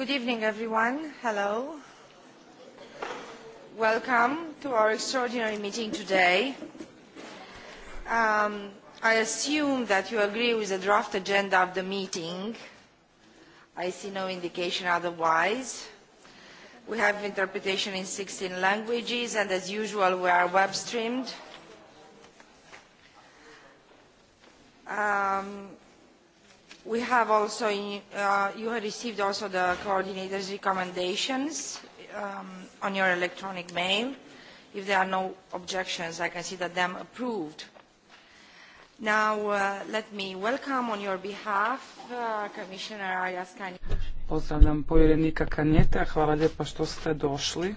Good evening, everyone. Hello. Welcome to our extraordinary meeting today. Um, I assume that you agree with the draft agenda of the meeting. I see no indication otherwise. We have interpretation in 16 languages, and as usual, we are web streamed. Um, We have also, uh, you have received also the coordinators' recommendations um, on your electronic mail. If there are no objections, I consider them approved. Now, uh, let me welcome on your behalf uh, Commissioner Arias Kanjeta. Pozdravljam povjerenika Kanjeta. Hvala lijepa što ste došli.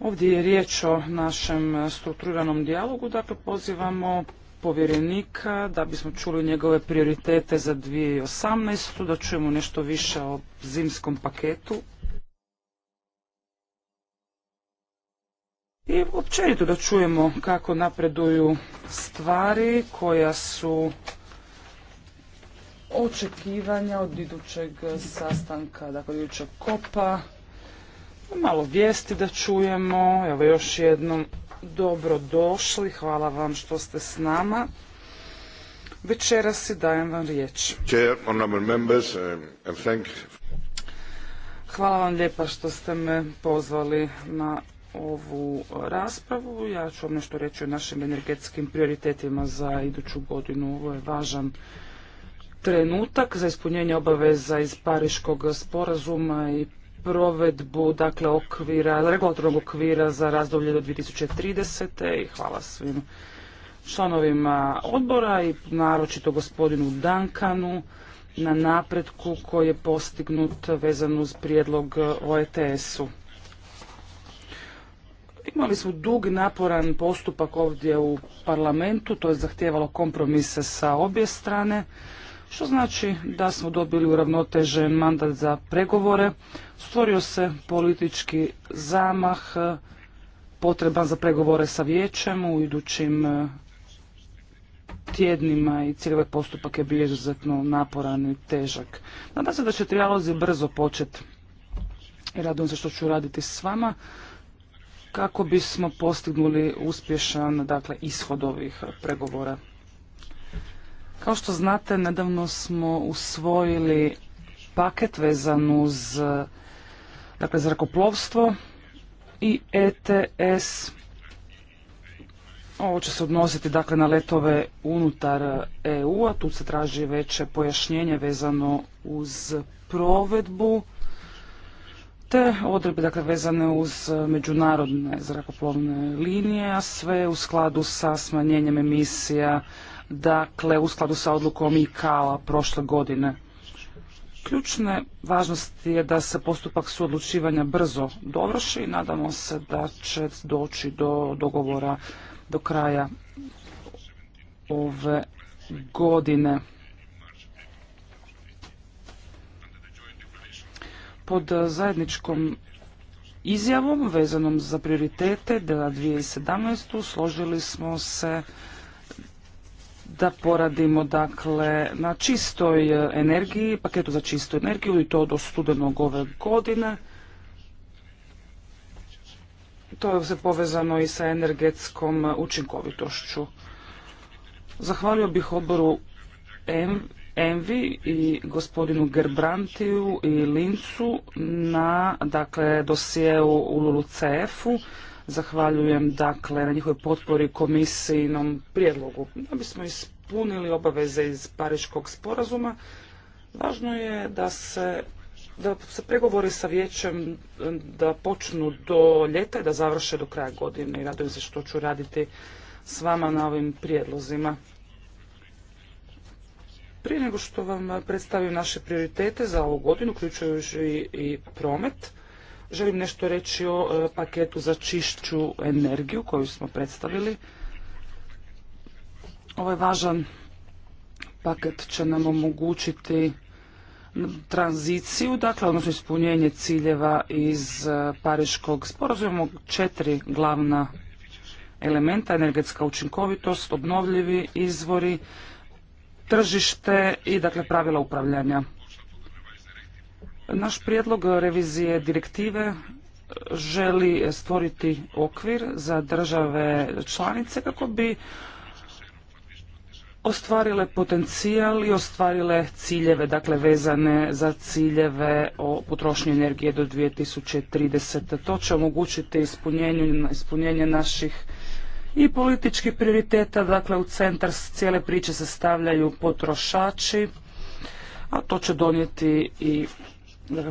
Ovdje je riječ o našem strukturiranom dijalogu, dakle pozivamo povjerenika da bismo čuli njegove prioritete za 2018. da čujemo nešto više o zimskom paketu. I općenito da čujemo kako napreduju stvari koja su očekivanja od idućeg sastanka, dakle idućeg kopa. Malo vijesti da čujemo. Evo još jednom dobro došli. Hvala vam što ste s nama. Večeras si dajem vam riječ. Um, Hvala vam lijepa što ste me pozvali na ovu raspravu. Ja ću vam nešto reći o našim energetskim prioritetima za iduću godinu. Ovo je važan trenutak za ispunjenje obaveza iz Pariškog sporazuma i provedbu dakle okvira, regulatornog okvira za razdoblje do 2030. i hvala svim članovima odbora i naročito gospodinu Dankanu na napretku koji je postignut vezan uz prijedlog o ETS-u. Imali smo dug i naporan postupak ovdje u parlamentu, to je zahtijevalo kompromise sa obje strane što znači da smo dobili uravnotežen mandat za pregovore. Stvorio se politički zamah e, potreban za pregovore sa vijećem u idućim e, tjednima i cijeli ovaj postupak je bio izuzetno naporan i težak. Nadam se da će trijalozi brzo početi i radujem se što ću raditi s vama kako bismo postignuli uspješan dakle, ishod ovih pregovora. Kao što znate, nedavno smo usvojili paket vezan uz dakle, zrakoplovstvo i ETS. Ovo će se odnositi dakle, na letove unutar EU-a. Tu se traži veće pojašnjenje vezano uz provedbu te odredbe dakle, vezane uz međunarodne zrakoplovne linije, a sve u skladu sa smanjenjem emisija dakle u skladu sa odlukom i a prošle godine. Ključne važnosti je da se postupak suodlučivanja brzo dovrši i nadamo se da će doći do dogovora do kraja ove godine. Pod zajedničkom izjavom vezanom za prioritete dela 2017. složili smo se da poradimo dakle na čistoj e, energiji, paketu za čistu energiju i to do studenog ove godine. To je se povezano i sa energetskom e, učinkovitošću. Zahvalio bih odboru Envi i gospodinu Gerbrantiju i Lincu na dakle, dosijeu u cf u Zahvaljujem dakle na njihovoj potpori komisijinom prijedlogu. Da bismo ispunili obaveze iz Pariškog sporazuma, važno je da se da se pregovori sa vijećem da počnu do ljeta i da završe do kraja godine i radujem se što ću raditi s vama na ovim prijedlozima. Prije nego što vam predstavim naše prioritete za ovu godinu, uključujući i promet, Želim nešto reći o e, paketu za čišću energiju koju smo predstavili. Ovaj važan paket će nam omogućiti tranziciju, dakle, odnosno ispunjenje ciljeva iz e, Pariškog sporazuma, četiri glavna elementa, energetska učinkovitost, obnovljivi izvori, tržište i dakle pravila upravljanja. Naš prijedlog revizije direktive želi stvoriti okvir za države članice kako bi ostvarile potencijal i ostvarile ciljeve, dakle vezane za ciljeve o potrošnji energije do 2030. To će omogućiti ispunjenje, ispunjenje naših i političkih prioriteta, dakle u centar cijele priče se stavljaju potrošači, a to će donijeti i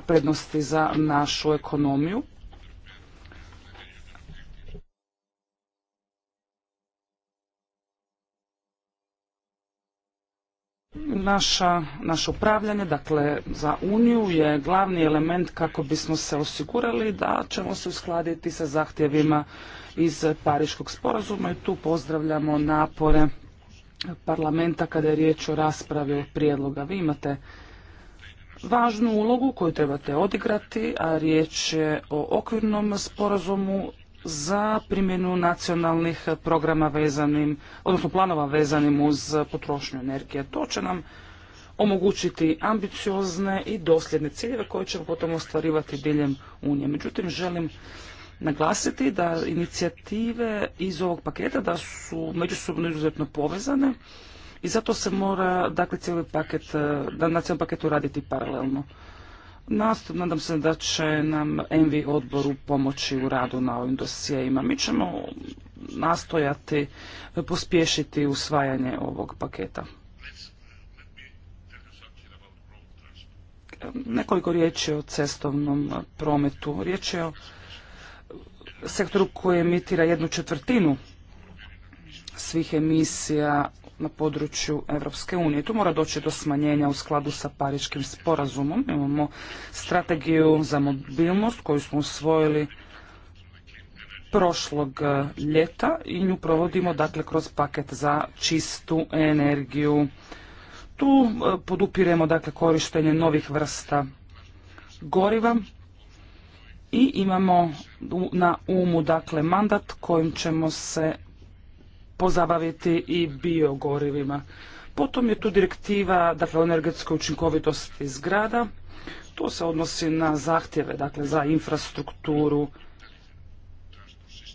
prednosti za našu ekonomiju. Naša, naše upravljanje, dakle za Uniju je glavni element kako bismo se osigurali da ćemo se uskladiti sa zahtjevima iz Pariškog sporazuma i tu pozdravljamo napore parlamenta kada je riječ o raspravi prijedloga. Vi imate važnu ulogu koju trebate odigrati, a riječ je o okvirnom sporazumu za primjenu nacionalnih programa vezanim, odnosno planova vezanim uz potrošnju energije. To će nam omogućiti ambiciozne i dosljedne ciljeve koje ćemo potom ostvarivati diljem Unije. Međutim, želim naglasiti da inicijative iz ovog paketa da su međusobno izuzetno povezane i zato se mora dakle cijeli paket, e, na cijelom paketu raditi paralelno. nadam se da će nam Envi odboru pomoći u radu na ovim dosijeima. Mi ćemo nastojati pospješiti usvajanje ovog paketa. Nekoliko riječi o cestovnom prometu. Riječ je o sektoru koji emitira jednu četvrtinu svih emisija na području Europske unije. Tu mora doći do smanjenja u skladu sa pariškim sporazumom. Imamo strategiju za mobilnost koju smo usvojili prošlog e, ljeta i nju provodimo dakle kroz paket za čistu energiju. Tu e, podupiremo dakle korištenje novih vrsta goriva i imamo na umu dakle mandat kojim ćemo se pozabaviti i biogorivima. Potom je tu direktiva dakle, o energetskoj učinkovitosti zgrada. To se odnosi na zahtjeve dakle, za infrastrukturu.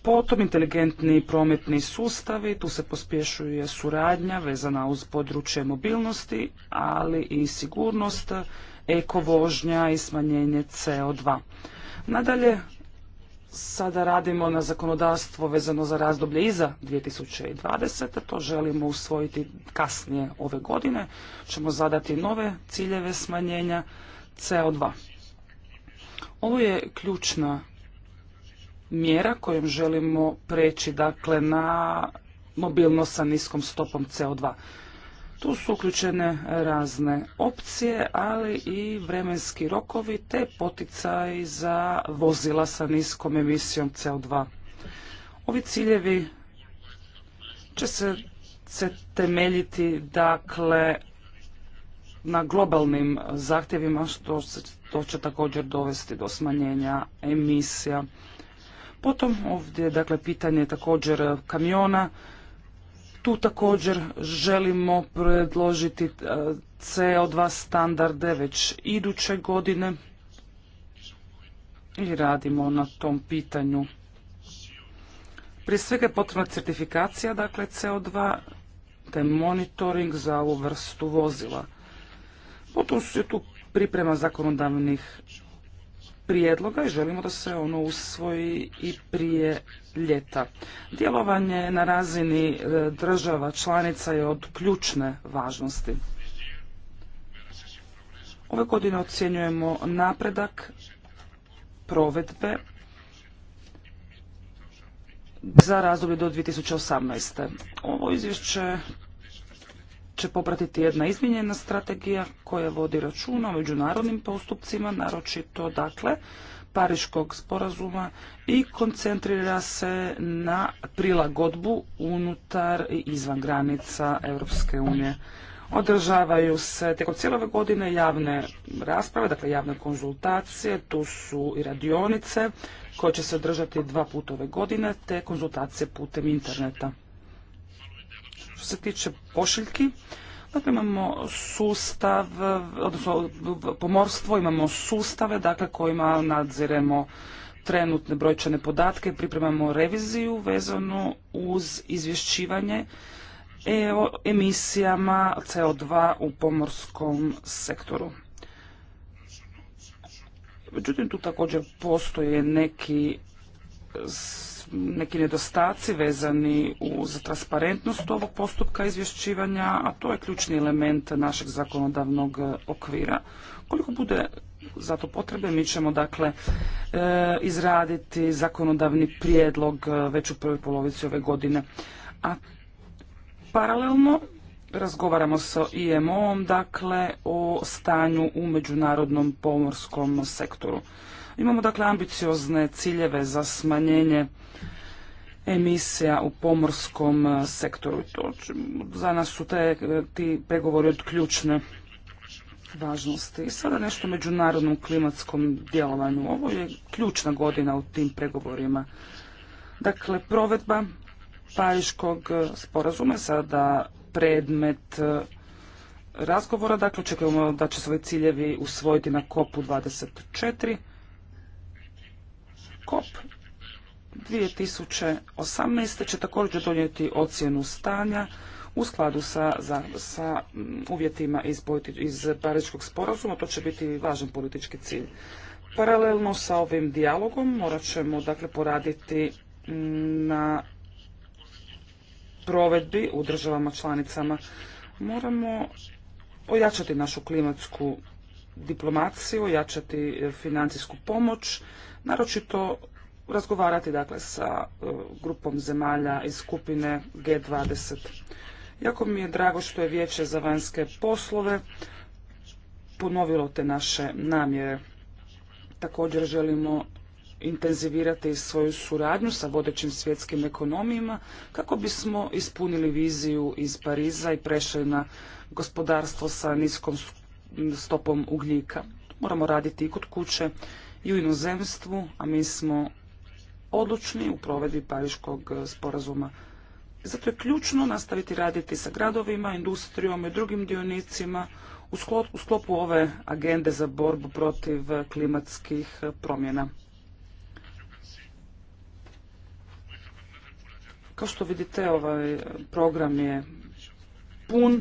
Potom inteligentni prometni sustavi, tu se pospješuje suradnja vezana uz područje mobilnosti, ali i sigurnost, ekovožnja i smanjenje CO2. Nadalje, sada radimo na zakonodavstvo vezano za razdoblje iza 2020. To želimo usvojiti kasnije ove godine. Ćemo zadati nove ciljeve smanjenja CO2. Ovo je ključna mjera kojom želimo preći dakle na mobilnost sa niskom stopom CO2. Tu su uključene razne opcije, ali i vremenski rokovi te poticaj za vozila sa niskom emisijom CO2. Ovi ciljevi će se, se temeljiti dakle na globalnim zahtjevima što, se, to će također dovesti do smanjenja emisija. Potom ovdje dakle pitanje također kamiona tu također želimo predložiti e, CO2 standarde već iduće godine i radimo na tom pitanju. Prije svega je potrebna certifikacija, dakle CO2, te monitoring za ovu vrstu vozila. Potom su tu priprema zakonodavnih prijedloga i želimo da se ono usvoji i prije ljeta. Djelovanje na razini e, država članica je od ključne važnosti. Ove godine ocjenjujemo napredak provedbe za razdoblje do 2018. Ovo izvješće će popratiti jedna izmijenjena strategija koja vodi računa o međunarodnim postupcima, naročito dakle Pariškog sporazuma i koncentrira se na prilagodbu unutar i izvan granica Europske unije. Održavaju se tijekom cijele ove godine javne rasprave, dakle javne konzultacije, tu su i radionice koje će se održati dva puta ove godine, te konzultacije putem interneta. Što se tiče pošiljki, dakle imamo sustav, odnosno pomorstvo, imamo sustave dakle kojima nadziremo trenutne brojčane podatke, pripremamo reviziju vezanu uz izvješćivanje e o emisijama CO2 u pomorskom sektoru. Međutim, tu također postoje neki neki nedostaci vezani uz transparentnost ovog postupka izvješćivanja, a to je ključni element našeg zakonodavnog e, okvira. Koliko bude za to potrebe, mi ćemo dakle e, izraditi zakonodavni prijedlog e, već u prvoj polovici ove godine. A paralelno razgovaramo sa IMO-om, dakle, o stanju u međunarodnom pomorskom sektoru. Imamo dakle ambiciozne ciljeve za smanjenje emisija u pomorskom e, sektoru. To, za nas su te, e, ti pregovori od ključne važnosti. I sada nešto o međunarodnom klimatskom djelovanju. Ovo je ključna godina u tim pregovorima. Dakle, provedba Pariškog e, sporazuma sada predmet razgovora. Dakle, očekujemo da će se ciljevi usvojiti na kopu 24. COP 2018. će također donijeti ocjenu stanja u skladu sa, sa mm, uvjetima iz, iz Paričkog sporazuma. To će biti važan politički cilj. Paralelno sa ovim dijalogom morat ćemo dakle, poraditi mm, na provedbi u državama članicama. Moramo ojačati našu klimatsku diplomaciju, ojačati financijsku pomoć naročito razgovarati dakle sa e, grupom zemalja iz skupine G20. Jako mi je drago što je Vijeće za vanjske poslove ponovilo te naše namjere. Također želimo intenzivirati svoju suradnju sa vodećim svjetskim ekonomijima kako bismo ispunili viziju iz Pariza i prešli na gospodarstvo sa niskom stopom ugljika. Moramo raditi i kod kuće i u inozemstvu, a mi smo odlučni u provedbi Pariškog sporazuma. Zato je ključno nastaviti raditi sa gradovima, industrijom i drugim dionicima u sklopu ove agende za borbu protiv klimatskih promjena. Kao što vidite, ovaj program je pun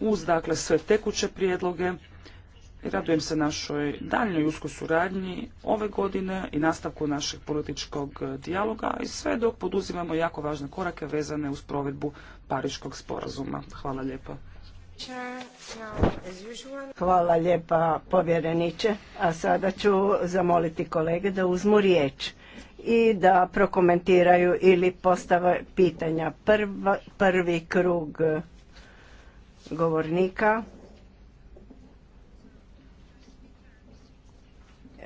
uz dakle sve tekuće prijedloge i radujem se našoj daljnjoj uskoj suradnji ove godine i nastavku našeg političkog dijaloga i sve dok poduzimamo jako važne korake vezane uz provedbu Pariškog sporazuma. Hvala lijepa. Hvala lijepa povjereniče, a sada ću zamoliti kolege da uzmu riječ i da prokomentiraju ili postave pitanja. prvi krug govornika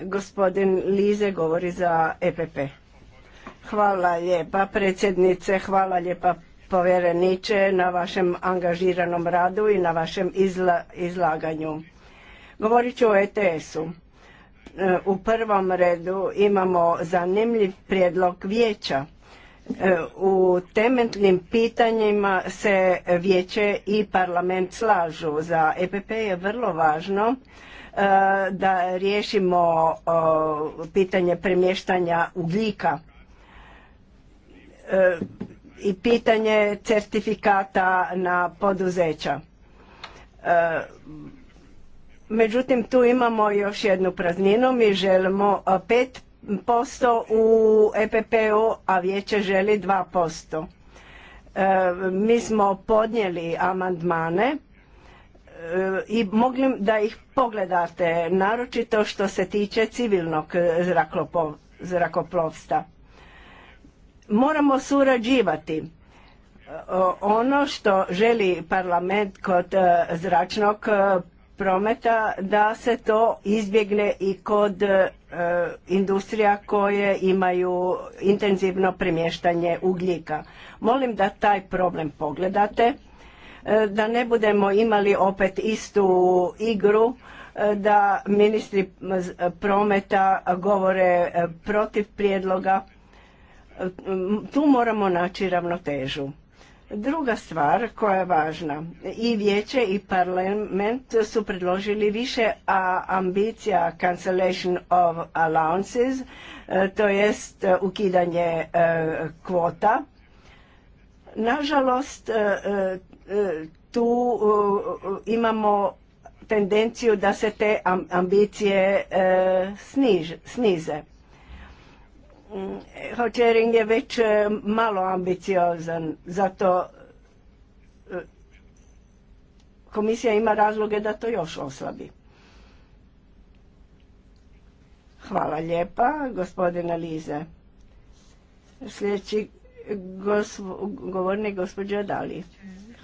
Gospodin Lize govori za EPP. Hvala lijepa predsjednice, hvala lijepa povjereniče na vašem angažiranom radu i na vašem izlaganju. Govorit ću o ETS-u. E, u prvom redu imamo zanimljiv prijedlog vijeća. E, u temeljnim pitanjima se vijeće i parlament slažu. Za EPP je vrlo važno E, da riješimo pitanje premještanja ugljika e, i pitanje certifikata na poduzeća. E, međutim, tu imamo još jednu prazninu. Mi želimo 5% u EPP-u, a vijeće želi 2%. Mi smo podnijeli amandmane i mogli da ih pogledate, naročito što se tiče civilnog zrakoplovstva. Moramo surađivati. Ono što želi parlament kod e, zračnog e, prometa da se to izbjegne i kod e, industrija koje imaju intenzivno premještanje ugljika. Molim da taj problem pogledate E, da ne budemo imali opet istu igru e, da ministri prometa govore e, protiv prijedloga. Tu moramo naći ravnotežu. Druga stvar koja je važna, i vijeće i parlament su predložili više ambicija cancellation of allowances, to jest ukidanje kvota. Nažalost, E, tu e, imamo tendenciju da se te ambicije e, snize. Mm, Hočering je već malo ambiciozan, zato komisija ima razloge da to još oslabi. Hvala lijepa, gospodina Lize. Sljedeći govorni govornik gospođa Dali.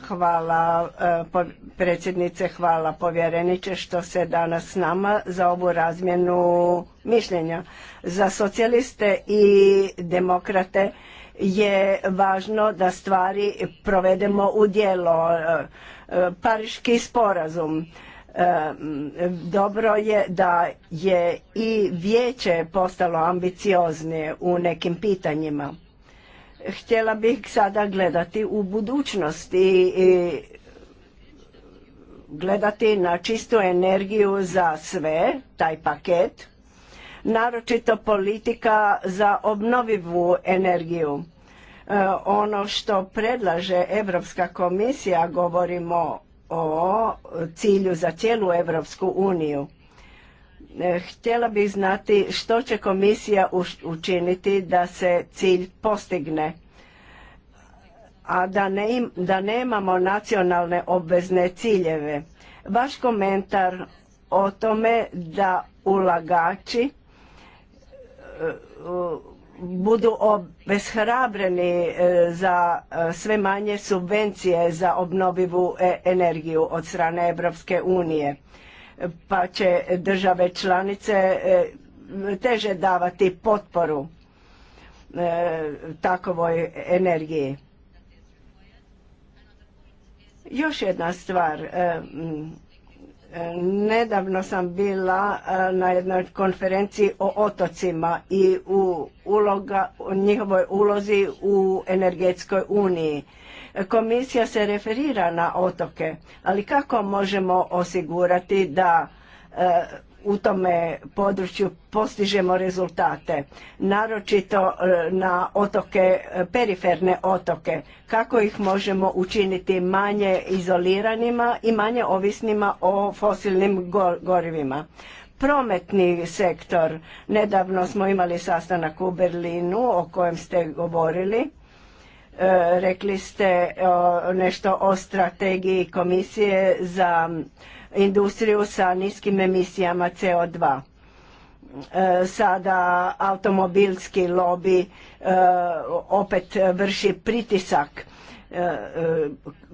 Hvala e, predsjednice, hvala povjereniče što se danas s nama za ovu razmjenu mišljenja. Za socijaliste i demokrate je važno da stvari provedemo u djelo. E, e, Pariški sporazum. Dobro je da je i vijeće postalo ambicioznije u nekim pitanjima Htjela bih sada gledati u budućnosti, i gledati na čistu energiju za sve, taj paket, naročito politika za obnovivu energiju. E, ono što predlaže Europska komisija, govorimo o cilju za cijelu Europsku uniju Htjela bih znati što će komisija učiniti da se cilj postigne, a da, ne, da nemamo nacionalne obvezne ciljeve. Vaš komentar o tome da ulagači e, budu obeshrabreni e, za e, sve manje subvencije za obnovivu energiju od strane Europske unije pa će države članice e, teže davati potporu e, takovoj energiji. Još jedna stvar. E, nedavno sam bila na jednoj konferenciji o otocima i u njihovoj ulozi u energetskoj uniji. Komisija se referira na otoke, ali kako možemo osigurati da e, u tome području postižemo rezultate, naročito e, na otoke, periferne otoke, kako ih možemo učiniti manje izoliranima i manje ovisnima o fosilnim gorivima. Prometni sektor, nedavno smo imali sastanak u Berlinu o kojem ste govorili, E, rekli ste e, nešto o strategiji komisije za industriju sa niskim emisijama CO2. E, sada automobilski lobby opet vrši pritisak.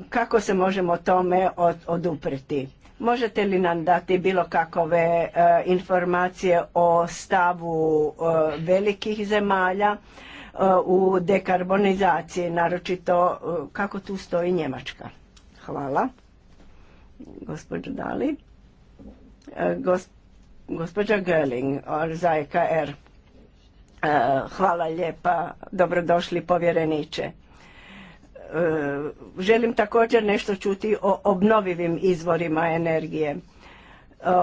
Kako se možemo tome odupreti? Možete li nam dati bilo kakove informacije o stavu velikih zemalja? E, u dekarbonizaciji, naročito e, kako tu stoji Njemačka. Hvala. Gospođo Dali. E, gospođa Görling za EKR. Hvala lijepa, dobrodošli povjereniče. Želim također nešto čuti o obnovivim izvorima energije.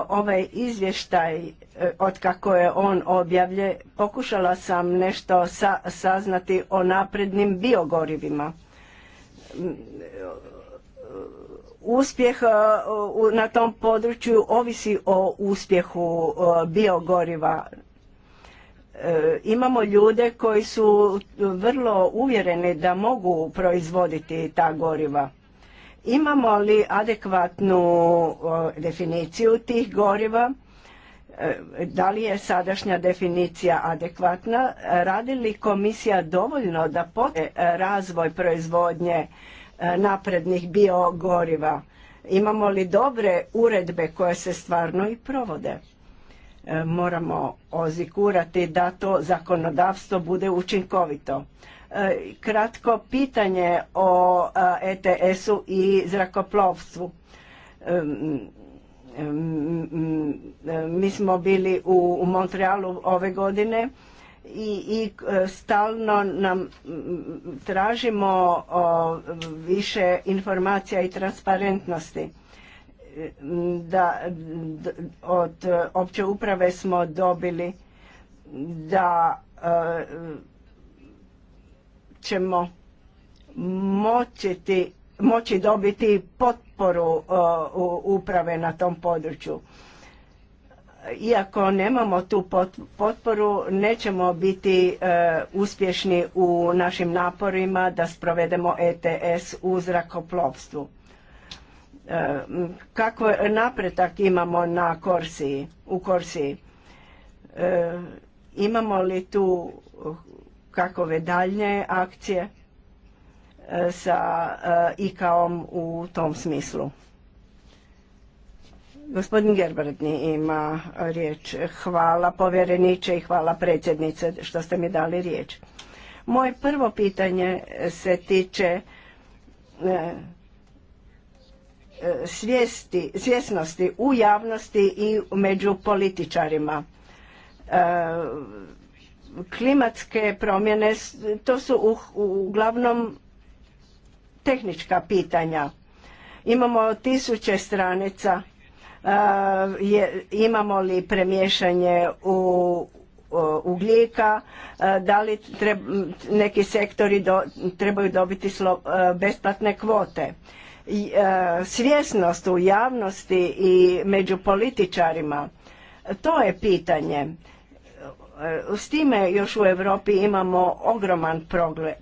Ovaj izvještaj od kako je on objavlje, pokušala sam nešto sa, saznati o naprednim biogorivima. Uspjeh e, na tom području ovisi o uspjehu e, biogoriva. E, imamo ljude koji su vrlo uvjereni da mogu proizvoditi ta goriva. Imamo li adekvatnu definiciju tih goriva? da li je sadašnja definicija adekvatna, radi li komisija dovoljno da razvoj proizvodnje e, naprednih biogoriva, imamo li dobre uredbe koje se stvarno i provode. E, moramo ozikurati da to zakonodavstvo bude učinkovito. E, kratko pitanje o ETS-u i zrakoplovstvu mi smo bili u, Montrealu ove godine i, e, stalno nam tražimo više informacija i transparentnosti. Da, od opće uprave smo dobili da e, ćemo moći, dobiti pot, potporu uprave na tom području. Iako nemamo tu potporu, nećemo biti e, uspješni u našim naporima da sprovedemo ETS u zrakoplovstvu. E, kako napretak imamo na Korsiji, u Korsiji? E, imamo li tu kakove daljnje akcije? E, sa e, IKAOM u tom smislu. Gospodin Gerbrdni ima riječ. Hvala povjereniče i hvala predsjednice što ste mi dali riječ. Moje prvo pitanje se tiče e, svjesnosti u javnosti i među političarima. Klimatske promjene, to su uglavnom tehnička pitanja. Imamo tisuće stranica, imamo li premješanje u ugljika, da li neki sektori trebaju dobiti besplatne kvote. Svjesnost u javnosti i među političarima, to je pitanje. S time još u Europi imamo ogroman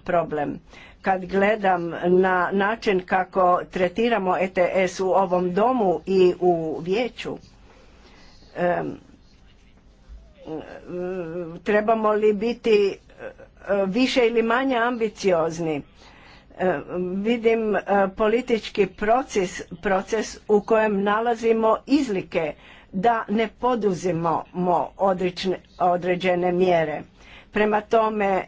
problem kad gledam na način kako tretiramo ETS u ovom domu i u vijeću, trebamo li biti e, više ili manje ambiciozni. E, vidim e, politički proces, proces u kojem nalazimo izlike da ne poduzimo određene mjere Prema tome, e,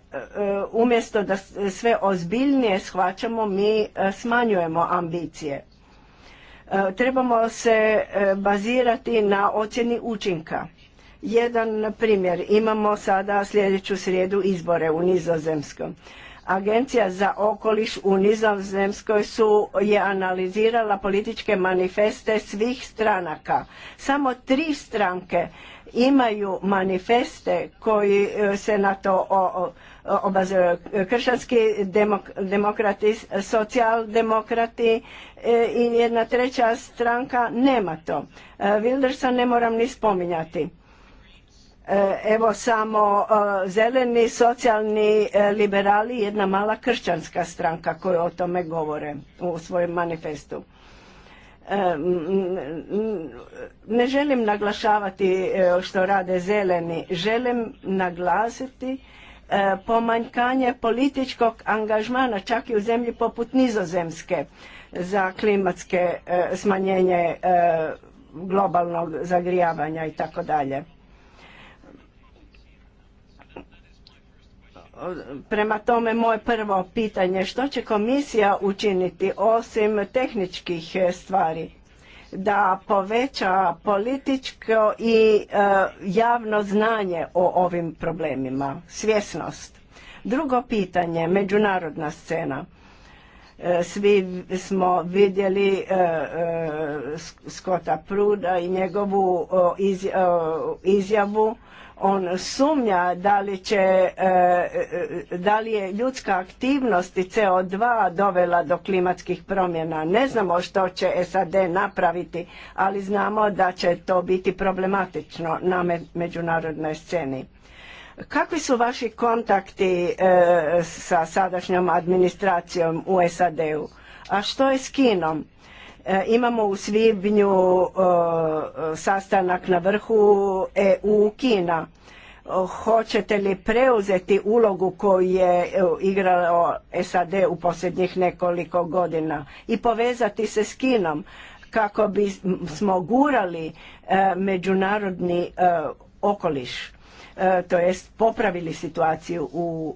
umjesto da sve ozbiljnije shvaćamo, mi e, smanjujemo ambicije. E, trebamo se bazirati na ocjeni učinka. Jedan primjer, imamo sada sljedeću srijedu izbore u Nizozemskom. Agencija za okoliš u Nizozemskoj su je analizirala političke manifeste svih stranaka. Samo tri stranke imaju manifeste koji e, se na to obazuju. Kršćanski demokrati, socijaldemokrati e, i jedna treća stranka nema to. E, Wildersa ne moram ni spominjati. Evo samo zeleni socijalni liberali, jedna mala kršćanska stranka koja o tome govore u svojem manifestu. E, ne želim naglašavati e, što rade zeleni, želim naglasiti e, pomanjkanje političkog angažmana čak i u zemlji poput nizozemske za klimatske smanjenje globalnog zagrijavanja i tako dalje. Prema tome, moje prvo pitanje, što će komisija učiniti osim tehničkih e, stvari? Da poveća političko i e, javno znanje o ovim problemima, svjesnost. Drugo pitanje, međunarodna scena. E, svi smo vidjeli Skota Pruda i njegovu izjavu on sumnja da li, će, e, e, da li je ljudska aktivnost i CO2 dovela do klimatskih promjena. Ne znamo što će SAD napraviti, ali znamo da će to biti problematično na međunarodnoj sceni. Kakvi su vaši kontakti e, sa sadašnjom administracijom u SAD-u? A što je s Kinom? E, imamo u svibnju e, sastanak na vrhu EU-Kina. Hoćete li preuzeti ulogu koju je e, igrao SAD u posljednjih nekoliko godina i povezati se s Kinom kako bismo gurali međunarodni okoliš, to jest popravili situaciju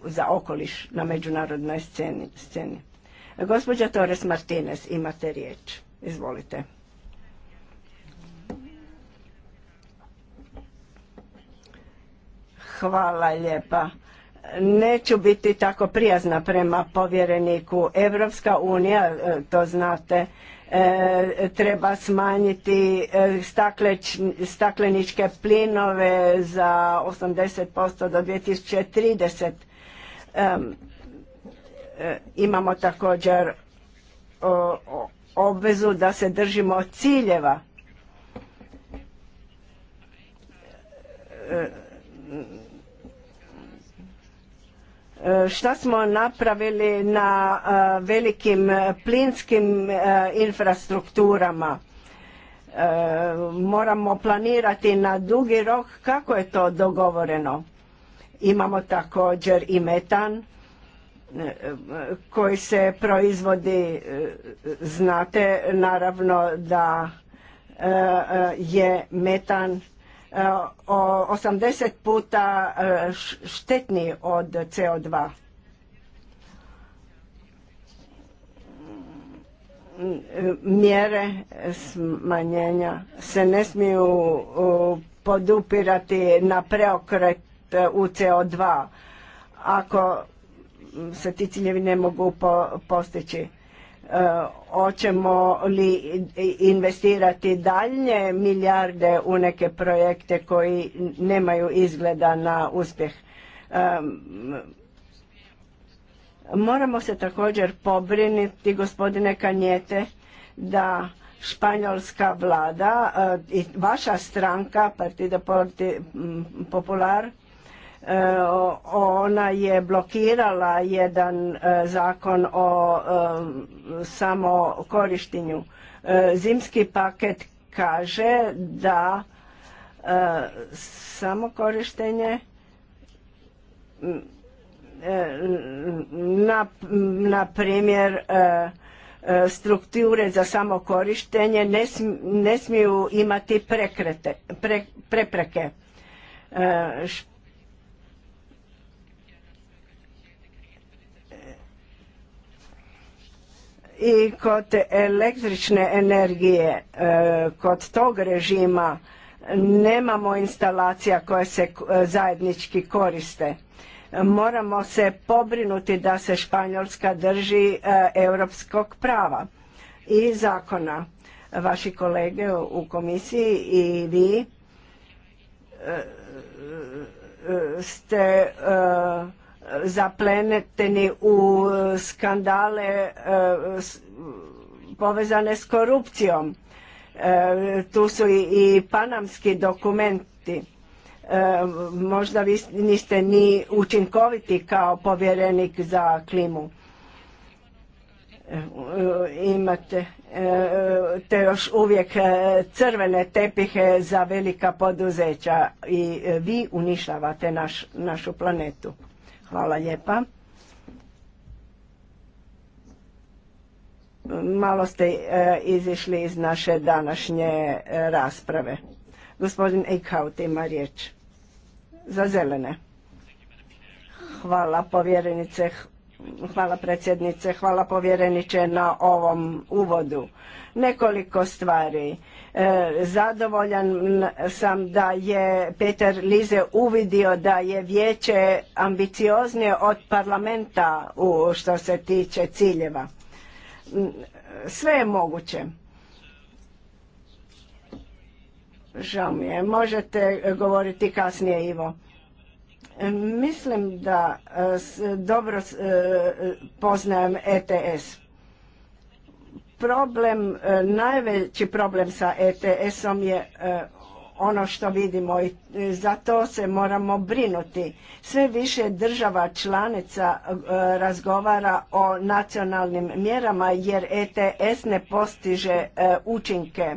za okoliš na međunarodnoj sceni. sceni. Gospođa Torres Martinez, imate riječ. Izvolite. Hvala lijepa. Neću biti tako prijazna prema povjereniku. Evropska unija, e, to znate, e, treba smanjiti e, stakleničke plinove za 80% do 2030. Imamo također obvezu da se držimo ciljeva e, šta smo napravili na e, velikim plinskim e, infrastrukturama moramo planirati na dugi rok kako je to dogovoreno imamo također i metan E, koji se proizvodi e, znate naravno da e, je metan 80 puta štetniji od CO2. Mjere smanjenja se ne smiju podupirati na preokret u CO2. Ako se ti ciljevi ne mogu po, postići. E, hoćemo li investirati dalje milijarde u neke projekte koji nemaju izgleda na uspjeh? E, moramo se također pobriniti, gospodine Kanjete, da španjolska vlada e, i vaša stranka Partida Popular E, ona je blokirala jedan e, zakon o e, samo Zimski paket kaže da samo korištenje na, primjer strukture za samo korištenje ne, smiju imati prepreke. i kod električne energije, e, kod tog režima nemamo instalacija koje se e, zajednički koriste. Moramo se pobrinuti da se Španjolska drži e, europskog prava i zakona. Vaši kolege u komisiji i vi ste zapleneteni u e, skandale e, povezane s korupcijom. E, tu su i panamski dokumenti. Možda vi niste ni učinkoviti kao povjerenik za klimu. Imate te još uvijek crvene tepihe za velika poduzeća i vi uništavate našu planetu. Hvala lijepa. Malo ste e, izišli iz naše današnje e, rasprave. Gospodin Eichhout ima riječ. Za zelene. Hvala povjerenice, hvala predsjednice, hvala povjereniče na ovom uvodu. Nekoliko stvari E, zadovoljan sam da je Peter Lize uvidio da je vijeće ambicioznije od parlamenta u što se tiče ciljeva. Sve je moguće. Žao mi je. Možete govoriti kasnije, Ivo. Mislim da e, dobro e, poznajem ETS problem, e, najveći problem sa ETS-om je e, ono što vidimo i e, za to se moramo brinuti. Sve više država članica razgovara o nacionalnim mjerama jer ETS ne postiže učinke.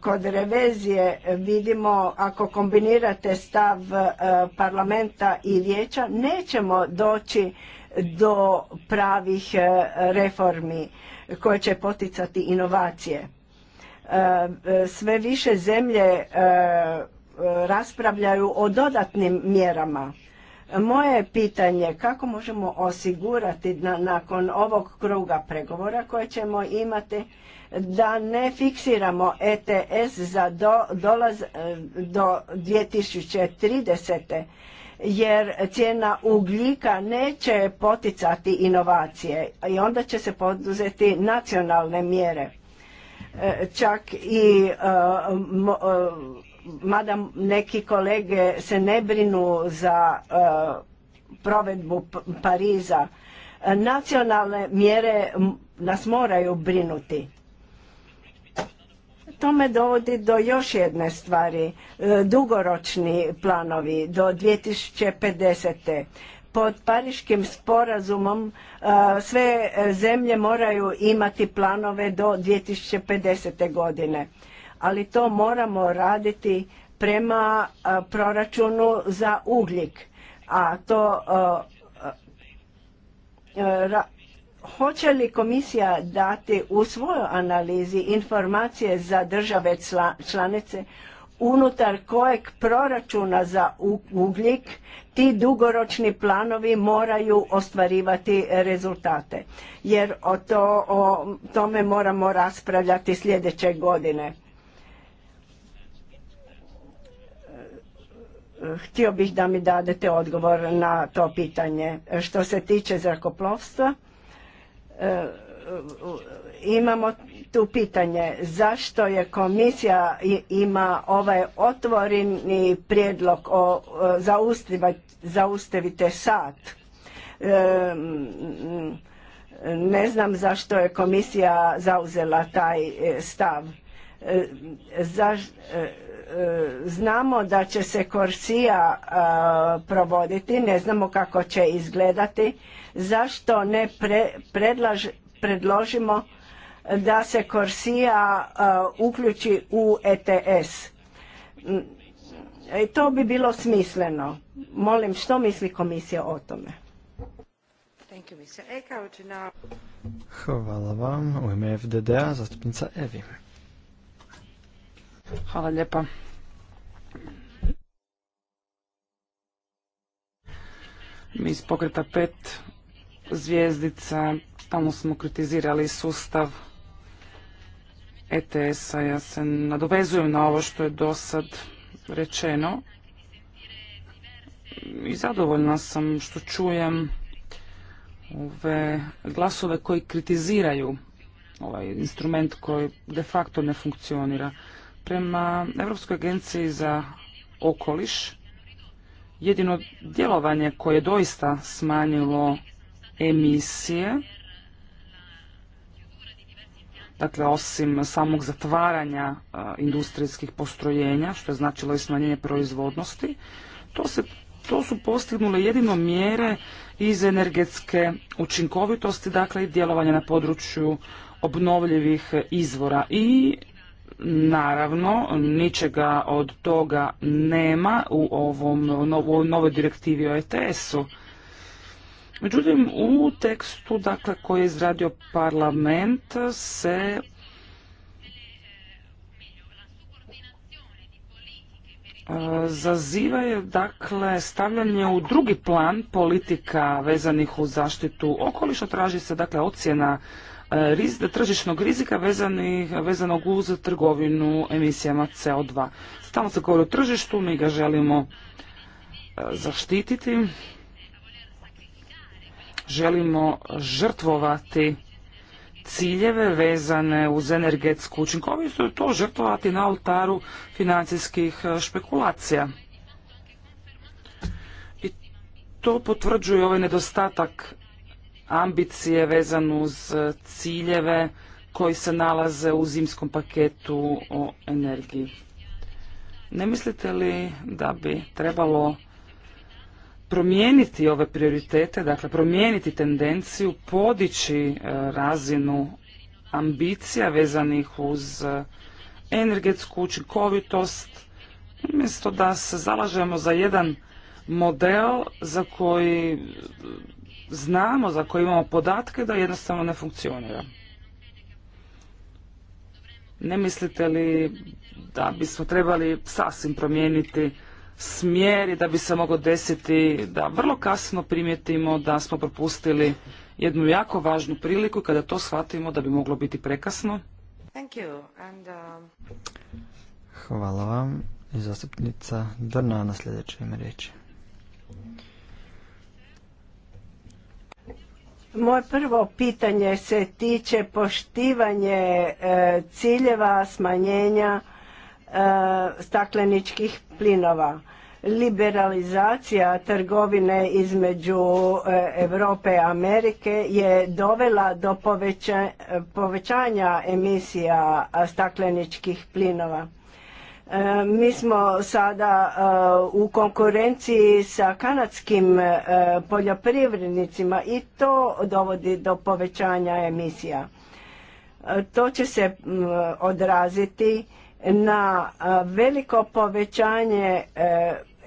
Kod revizije vidimo ako kombinirate stav parlamenta i vijeća nećemo doći do pravih e, reformi koje će poticati inovacije. E, e, sve više zemlje raspravljaju o dodatnim mjerama. Moje pitanje je kako možemo osigurati da nakon ovog kruga pregovora koje ćemo imati da ne fiksiramo ETS za do, dolaz do 2030 jer cijena ugljika neće poticati inovacije i onda će se poduzeti nacionalne mjere. E, čak i e, e, mada neki kolege se ne brinu za provedbu Pariza, nacionalne mjere nas moraju brinuti. To me dovodi do još jedne stvari, e, dugoročni planovi do 2050. Pod Pariškim sporazumom e, sve zemlje moraju imati planove do 2050. godine, ali to moramo raditi prema e, proračunu za ugljik, a to Hoće li komisija dati u svojoj analizi informacije za države članice unutar kojeg proračuna za ugljik ti dugoročni planovi moraju ostvarivati rezultate jer o, to, tome moramo raspravljati sljedeće godine. Htio bih da mi dadete odgovor na to pitanje. Što se tiče zrakoplovstva, E, imamo tu pitanje zašto je komisija ima ovaj otvoreni prijedlog o zaustavite sat. E, ne znam zašto je komisija zauzela taj e, stav. Zašto znamo da će se Korsija e, provoditi, ne znamo kako će izgledati, zašto ne predložimo da se Korsija e, uključi u ETS. E, to bi bilo smisleno. Molim, što misli komisija o tome? Hvala vam. U ime FDD-a zastupnica Evi. Hvala lijepa. Mi iz pokreta pet zvijezdica tamo smo kritizirali sustav ETS-a. Ja se nadovezujem na ovo što je do sad rečeno i zadovoljna sam što čujem ove glasove koji kritiziraju ovaj instrument koji de facto ne funkcionira. Prema Europskoj agenciji za okoliš, jedino djelovanje koje je doista smanjilo emisije, dakle osim samog zatvaranja e, industrijskih postrojenja, što je značilo i smanjenje proizvodnosti, to, to su postignule jedino mjere iz energetske učinkovitosti, dakle i djelovanja na području obnovljivih izvora i Naravno, ničega od toga nema u ovom novo, novoj direktivi o ETS-u. Međutim, u tekstu dakle, koji je izradio parlament se zaziva dakle stavljanje u drugi plan politika vezanih uz zaštitu okoliša. Traži se dakle ocjena E, tržišnog rizika vezanog uz trgovinu emisijama CO2. Stalno se govori o tržištu, mi ga želimo e, zaštititi, želimo žrtvovati ciljeve vezane uz energetsku učinkovitost i to žrtvovati na oltaru financijskih e, špekulacija. I to potvrđuje ovaj nedostatak ambicije vezano uz e, ciljeve koji se nalaze u zimskom paketu o energiji. Ne mislite li da bi trebalo promijeniti ove prioritete, dakle promijeniti tendenciju, podići e, razinu ambicija vezanih uz e, energetsku učinkovitost, umjesto da se zalažemo za jedan model za koji znamo, za koje imamo podatke da jednostavno ne funkcionira. Ne mislite li da bismo trebali sasvim promijeniti smjer i da bi se moglo desiti da vrlo kasno primijetimo da smo propustili jednu jako važnu priliku kada to shvatimo da bi moglo biti prekasno? Um, Hvala vam. I zastupnica na riječi. Moje prvo pitanje se tiče poštivanje e, ciljeva smanjenja e, stakleničkih plinova. Liberalizacija trgovine između e, Europe i Amerike je dovela do povećanja emisija stakleničkih plinova E, mi smo sada e, u konkurenciji sa kanadskim e, poljoprivrednicima i to dovodi do povećanja emisija. To će se odraziti na veliko povećanje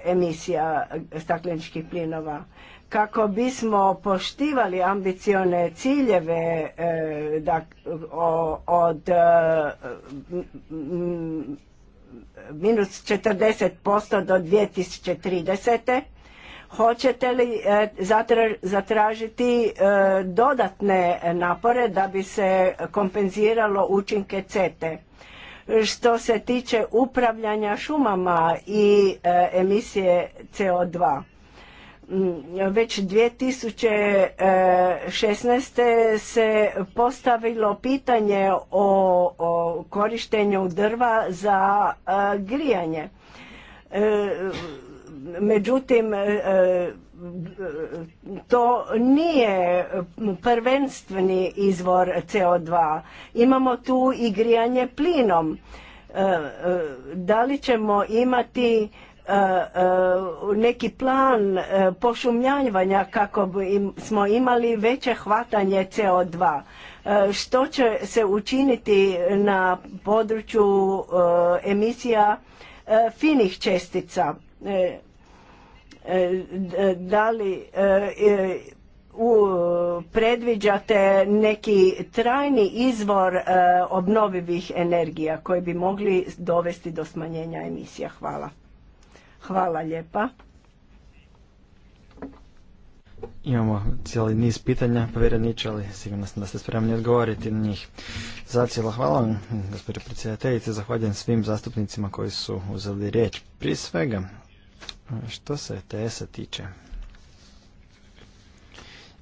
emisija stakleničkih plinova. Kako bismo poštivali ambicione ciljeve od minus 40% do 2030. Hoćete li e, zatražiti e, dodatne napore da bi se kompenziralo učinke CETE? Što se tiče upravljanja šumama i e, emisije CO2, već 2016. se postavilo pitanje o, korištenju drva za e, grijanje. E, međutim, e, to nije prvenstveni izvor CO2. Imamo tu i grijanje plinom. Da li ćemo imati neki plan e, pošumljavanja kako bi smo imali veće hvatanje CO2. E, što će se učiniti na području e, emisija finih čestica? Da li u, predviđate neki trajni izvor obnovivih energija koji bi mogli dovesti do smanjenja emisija? Hvala. Hvala lijepa. Imamo cijeli niz pitanja, povjereniče, ali sigurno sam da ste spremni odgovoriti na njih. cijelo hvala vam, gospođo predsjedateljice, zahvaljujem svim zastupnicima koji su uzeli riječ. Prije svega, što se ETS-a tiče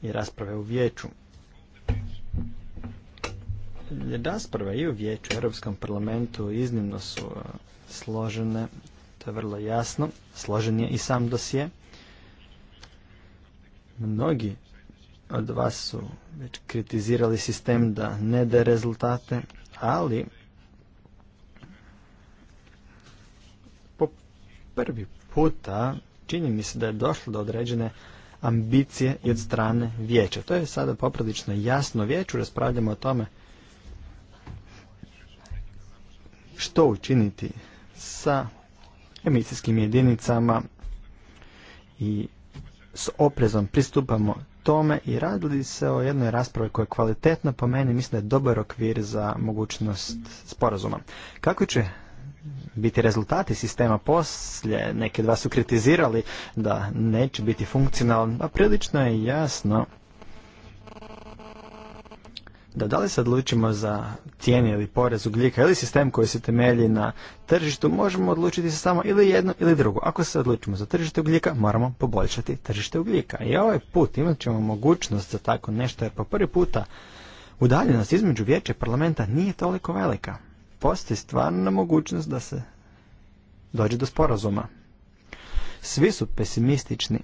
i rasprave u vijeću, rasprave i u vijeću u Europskom parlamentu iznimno su e, složene to je vrlo jasno, složen je i sam dosje. Mnogi od vas su već kritizirali sistem da ne de rezultate, ali po prvi puta čini mi se da je došlo do određene ambicije i od strane vijeća. To je sada poprilično jasno vijeću, raspravljamo o tome što učiniti sa emisijskim jedinicama i s oprezom pristupamo tome i radili se o jednoj raspravi koja je kvalitetna po meni, mislim da je dobar okvir za mogućnost sporazuma. Kako će biti rezultati sistema poslije, neke dva su kritizirali da neće biti funkcionalan, a prilično je jasno da da li se odlučimo za cijene ili porez ugljika ili sistem koji se temelji na tržištu, možemo odlučiti se samo ili jedno ili drugo. Ako se odlučimo za tržište ugljika, moramo poboljšati tržište ugljika. I ovaj put imat ćemo mogućnost za tako nešto, jer po prvi puta udaljenost između vijeća parlamenta nije toliko velika. Postoji stvarna mogućnost da se dođe do sporazuma. Svi su pesimistični,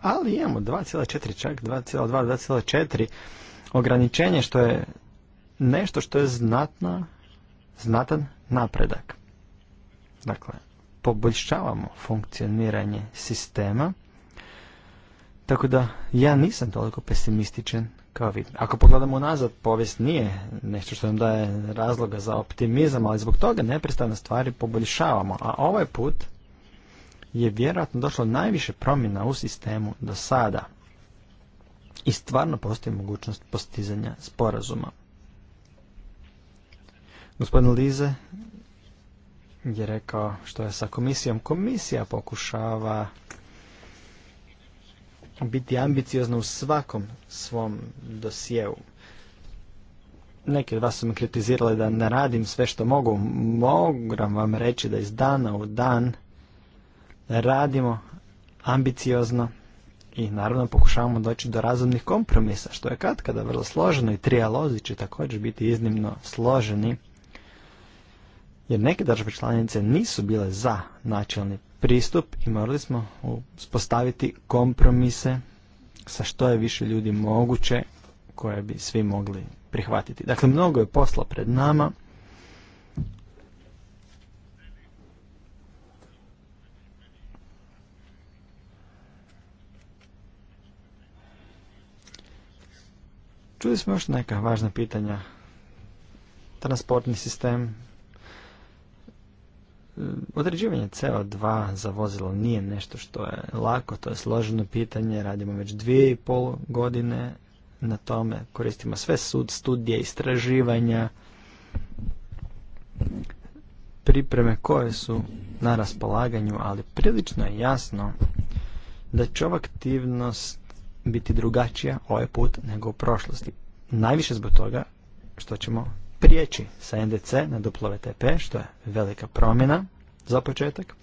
ali imamo 2,4, čak 2,2, 2,4 ograničenje što je nešto što je znatna, znatan napredak. Dakle, poboljšavamo funkcioniranje sistema, tako da ja nisam toliko pesimističan kao vi. Ako pogledamo nazad, povijest nije nešto što nam daje razloga za optimizam, ali zbog toga neprestano stvari poboljšavamo. A ovaj put je vjerojatno došlo najviše promjena u sistemu do sada i stvarno postoji mogućnost postizanja sporazuma. Gospodin Lize je rekao što je sa komisijom. Komisija pokušava biti ambiciozna u svakom svom dosjeu. Neki od vas su me kritizirali da ne radim sve što mogu. Mogu vam reći da iz dana u dan radimo ambiciozno i naravno pokušavamo doći do razumnih kompromisa, što je kad kada vrlo složeno i trijalozi će također biti iznimno složeni, jer neke države članice nisu bile za načelni pristup i morali smo uspostaviti kompromise sa što je više ljudi moguće koje bi svi mogli prihvatiti. Dakle, mnogo je posla pred nama. Čuli smo još neka važna pitanja. Transportni sistem, određivanje CO2 za vozilo nije nešto što je lako, to je složeno pitanje, radimo već dvije i pol godine na tome, koristimo sve sud, studije, istraživanja, pripreme koje su na raspolaganju, ali prilično je jasno da će ova aktivnost biti drugačija ovaj put nego u prošlosti. Najviše zbog toga što ćemo prijeći sa NDC na WTP, što je velika promjena za početak.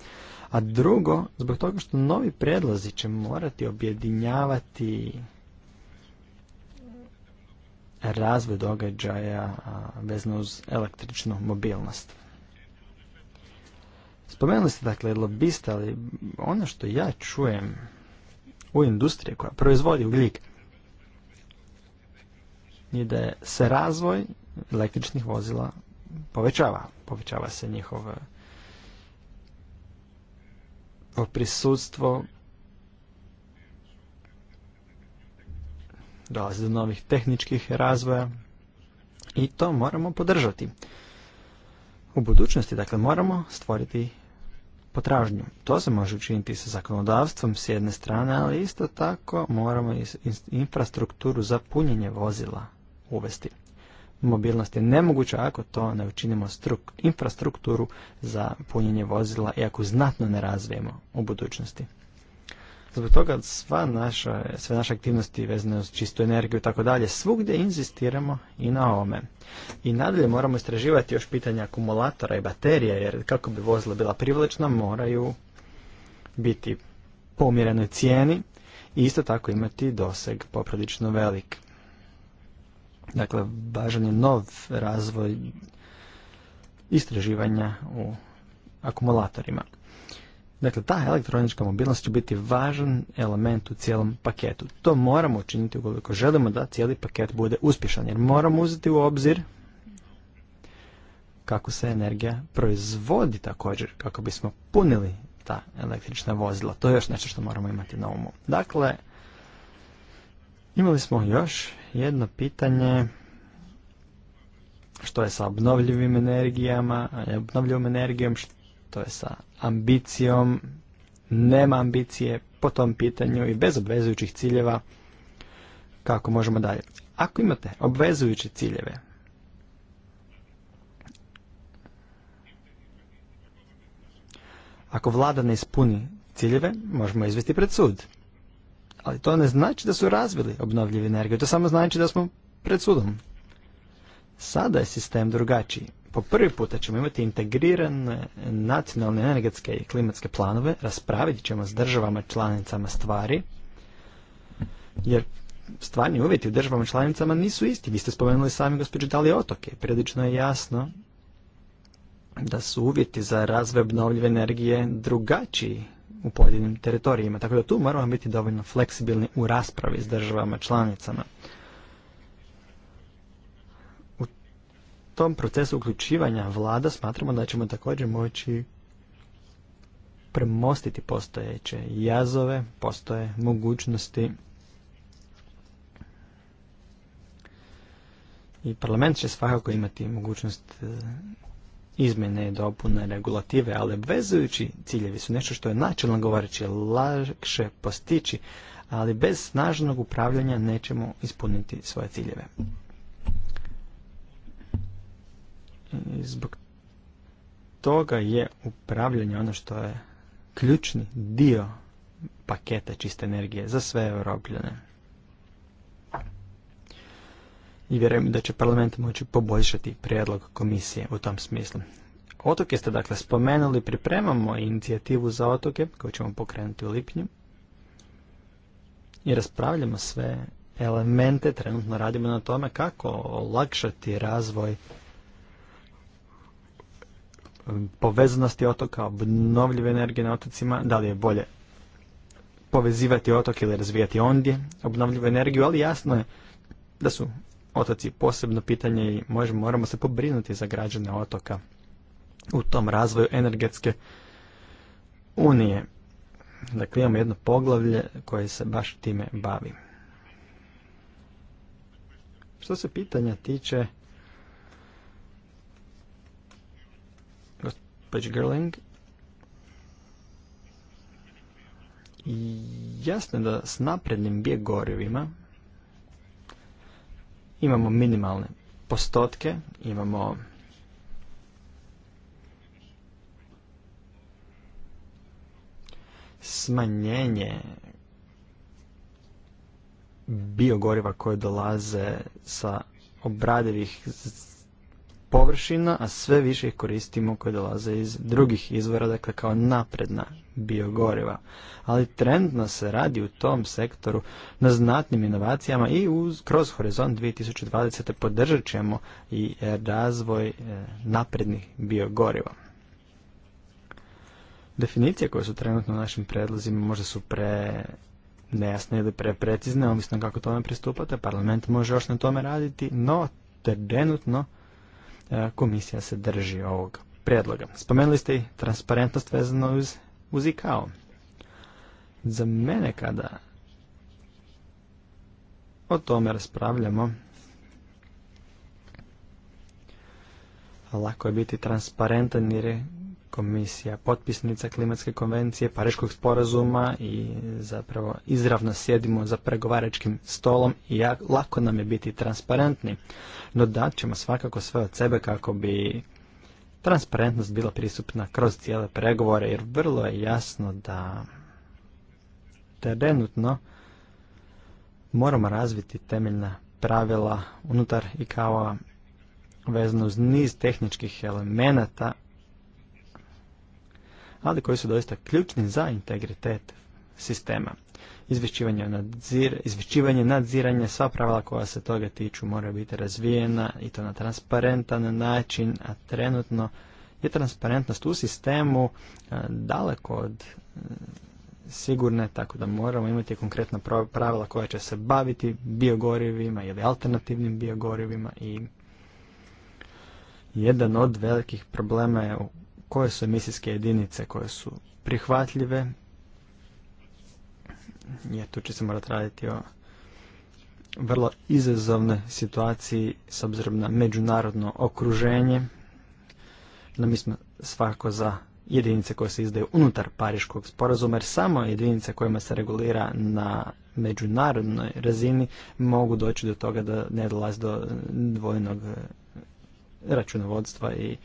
A drugo, zbog toga što novi predlazi će morati objedinjavati razvoj događaja vezano uz električnu mobilnost. Spomenuli ste dakle lobista, ali ono što ja čujem u industriji koja proizvodi ugljik i da se razvoj električnih vozila povećava. Povećava se eh, njihovo prisutstvo, dolazi do novih tehničkih razvoja i to moramo podržati. U budućnosti, dakle, moramo stvoriti potražnju. To se može učiniti sa zakonodavstvom s jedne strane, ali isto tako moramo infrastrukturu za punjenje vozila uvesti. Mobilnost je nemoguća ako to ne učinimo infrastrukturu za punjenje vozila i ako znatno ne razvijemo u budućnosti. Zbog toga sva naša, sve naše aktivnosti vezane uz čistu energiju i tako dalje, svugdje inzistiramo i na ovome. I nadalje moramo istraživati još pitanja akumulatora i baterije, jer kako bi vozila bila privlačna, moraju biti po cijeni i isto tako imati doseg poprilično velik. Dakle, važan je nov razvoj istraživanja u akumulatorima. Dakle, ta elektronička mobilnost će biti važan element u cijelom paketu. To moramo učiniti ukoliko želimo da cijeli paket bude uspješan, jer moramo uzeti u obzir kako se energija proizvodi također, kako bismo punili ta električna vozila. To je još nešto što moramo imati na umu. Dakle, imali smo još jedno pitanje što je sa obnovljivim energijama, obnovljivom energijom, što je sa ambicijom, nema ambicije po tom pitanju i bez obvezujućih ciljeva kako možemo dalje. Ako imate obvezujuće ciljeve, ako vlada ne ispuni ciljeve, možemo izvesti pred sud. Ali to ne znači da su razvili obnovljivu energiju, to samo znači da smo pred sudom. Sada je sistem drugačiji po prvi puta ćemo imati integrirane nacionalne energetske i klimatske planove, raspraviti ćemo s državama članicama stvari, jer stvarni uvjeti u državama članicama nisu isti. Vi ste spomenuli sami gospođu Dali otoke. Prilično je jasno da su uvjeti za razvoj obnovljive energije drugačiji u pojedinim teritorijima. Tako da tu moramo biti dovoljno fleksibilni u raspravi s državama članicama. tom procesu uključivanja vlada smatramo da ćemo također moći premostiti postojeće jazove, postoje mogućnosti i parlament će svakako imati mogućnost e, izmjene i dopune regulative, ali obvezujući ciljevi su nešto što je načelno govoreći lakše postići, ali bez snažnog upravljanja nećemo ispuniti svoje ciljeve. zbog toga je upravljanje ono što je ključni dio paketa čiste energije za sve europljane. I vjerujem da će parlament moći poboljšati prijedlog komisije u tom smislu. Otoke ste dakle spomenuli, pripremamo inicijativu za otoke koju ćemo pokrenuti u lipnju i raspravljamo sve elemente, trenutno radimo na tome kako olakšati razvoj povezanosti otoka, obnovljive energije na otocima, da li je bolje povezivati otok ili razvijati ondje obnovljivu energiju, ali jasno je da su otoci posebno pitanje i možemo, moramo se pobrinuti za građane otoka u tom razvoju energetske unije. Dakle, imamo jedno poglavlje koje se baš time bavi. Što se pitanja tiče, gospođi I jasno je da s naprednim gorivima imamo minimalne postotke, imamo smanjenje biogoriva koje dolaze sa obradivih površina, a sve više ih koristimo koje dolaze iz drugih izvora, dakle kao napredna biogoriva. Ali trendno se radi u tom sektoru na znatnim inovacijama i uz, kroz horizont 2020. podržat ćemo i e, razvoj e, naprednih biogoriva. Definicije koje su trenutno u našim predlozima možda su pre nejasne ili preprecizne, ovisno kako tome pristupate, parlament može još na tome raditi, no trenutno E, komisija se drži ovog predloga. Spomenuli ste i transparentnost vezano uz, uz Za mene kada o tome raspravljamo, lako je biti transparentan jer je komisija potpisnica klimatske konvencije, Pariškog sporazuma i zapravo izravno sjedimo za pregovaračkim stolom i lako nam je biti transparentni. No dat ćemo svakako sve od sebe kako bi transparentnost bila prisupna kroz cijele pregovore jer vrlo je jasno da trenutno moramo razviti temeljna pravila unutar i kao vezano uz niz tehničkih elemenata ali koji su doista ključni za integritet sistema. Izvješćivanje, nadzir, izvješćivanje nadziranje, sva pravila koja se toga tiču moraju biti razvijena i to na transparentan način, a trenutno je transparentnost u sistemu e, daleko od e, sigurne, tako da moramo imati konkretna pravila koja će se baviti biogorivima ili alternativnim biogorivima i jedan od velikih problema je koje su emisijske jedinice koje su prihvatljive. Jer tu će se morati raditi o vrlo izazovne situaciji s obzirom na međunarodno okruženje. No mi smo svako za jedinice koje se izdaju unutar Pariškog sporazuma, jer samo jedinice kojima se regulira na međunarodnoj razini mogu doći do toga da ne dolazi do dvojnog računovodstva i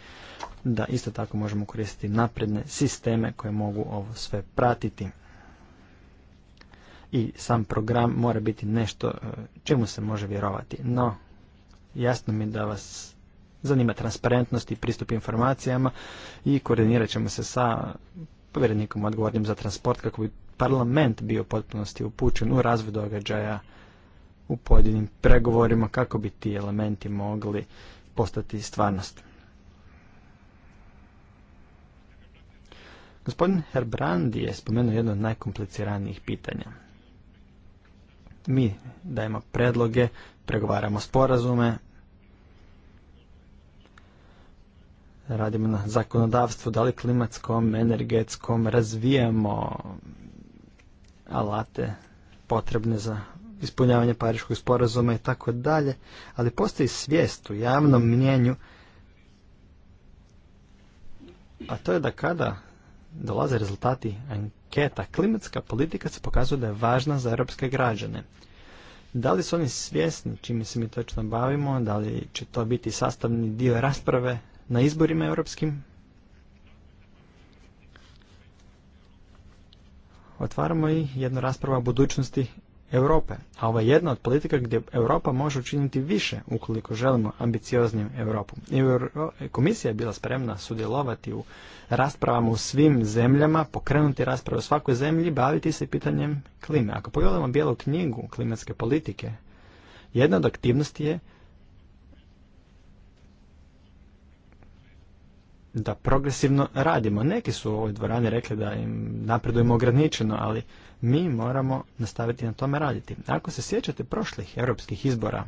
da isto tako možemo koristiti napredne sisteme koje mogu ovo sve pratiti. I sam program mora biti nešto e, čemu se može vjerovati. No, jasno mi da vas zanima transparentnost i pristup informacijama i koordinirat ćemo se sa povjerenikom odgovornim za transport kako bi parlament bio potpunosti upućen u razvoj događaja u pojedinim pregovorima kako bi ti elementi mogli postati stvarnost. Gospodin Herbrandi je spomenuo jedno od najkompliciranijih pitanja. Mi dajemo predloge, pregovaramo sporazume, radimo na zakonodavstvu, da li klimatskom, energetskom, razvijamo alate potrebne za ispunjavanje pariškog sporazuma i tako dalje, ali postoji svijest u javnom mnjenju, a to je da kada dolaze rezultati anketa, klimatska politika se pokazuje da je važna za europske građane. Da li su oni svjesni čime se mi točno bavimo, da li će to biti sastavni dio rasprave na izborima europskim? Otvaramo i jednu raspravu o budućnosti Europe, a ovo je jedna od politika gdje Europa može učiniti više ukoliko želimo ambicioznim Europu. I komisija je bila spremna sudjelovati u raspravama u svim zemljama, pokrenuti rasprave u svakoj zemlji baviti se pitanjem klime. Ako pogledamo bijelu knjigu klimatske politike, jedna od aktivnosti je da progresivno radimo. Neki su u ovoj dvorani rekli da im napredujemo ograničeno, ali mi moramo nastaviti na tome raditi. Ako se sjećate prošlih europskih izbora,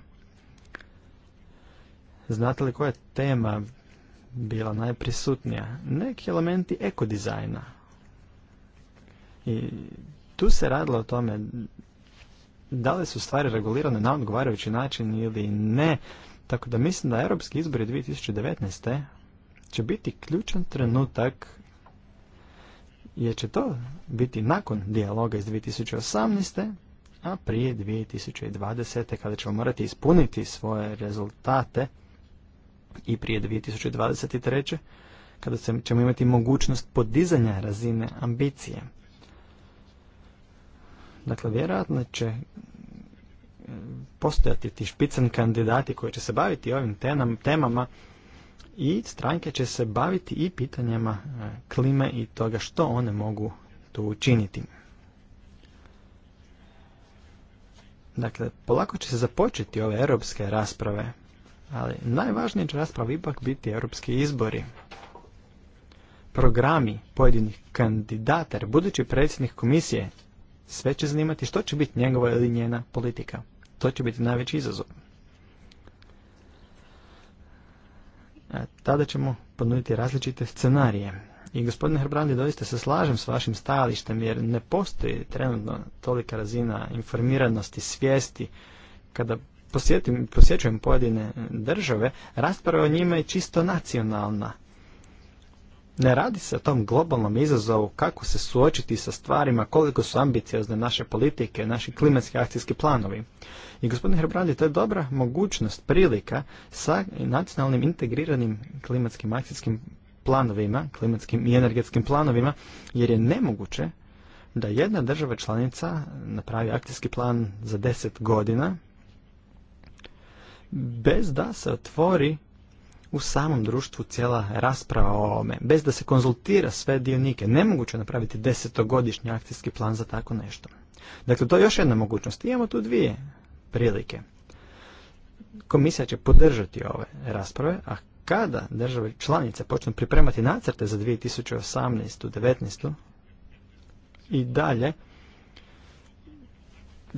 znate li koja je tema bila najprisutnija? Neki elementi ekodizajna. I tu se radilo o tome da li su stvari regulirane na odgovarajući način ili ne. Tako da mislim da europski izbori 2019. će biti ključan trenutak jer će to biti nakon dijaloga iz 2018. a prije 2020. kada ćemo morati ispuniti svoje rezultate i prije 2023. kada ćemo imati mogućnost podizanja razine ambicije. Dakle, vjerojatno će e, postojati ti špicen kandidati koji će se baviti ovim temama i stranke će se baviti i pitanjima e, klime i toga što one mogu tu učiniti. Dakle, polako će se započeti ove europske rasprave, ali najvažnije će rasprava ipak biti europski izbori. Programi pojedinih kandidata, budući predsjednik komisije, sve će zanimati što će biti njegova ili njena politika. To će biti najveći izazov. tada ćemo ponuditi različite scenarije. I gospodine Herbrandi, doista se slažem s vašim stajalištem jer ne postoji trenutno tolika razina informiranosti, svijesti. Kada posjećujem pojedine države, rasprava o njima je čisto nacionalna. Ne radi se o tom globalnom izazovu kako se suočiti sa stvarima koliko su ambiciozne naše politike, naši klimatski akcijski planovi. I gospodine Herbrandi, to je dobra mogućnost, prilika sa nacionalnim integriranim klimatskim akcijskim planovima, klimatskim i energetskim planovima, jer je nemoguće da jedna država članica napravi akcijski plan za deset godina bez da se otvori u samom društvu cijela rasprava o ovome, bez da se konzultira sve dionike. Nemoguće napraviti desetogodišnji akcijski plan za tako nešto. Dakle, to je još jedna mogućnost. Imamo tu dvije prilike. Komisija će podržati ove rasprave, a kada države članice počnu pripremati nacrte za 2018. 2019 i dalje,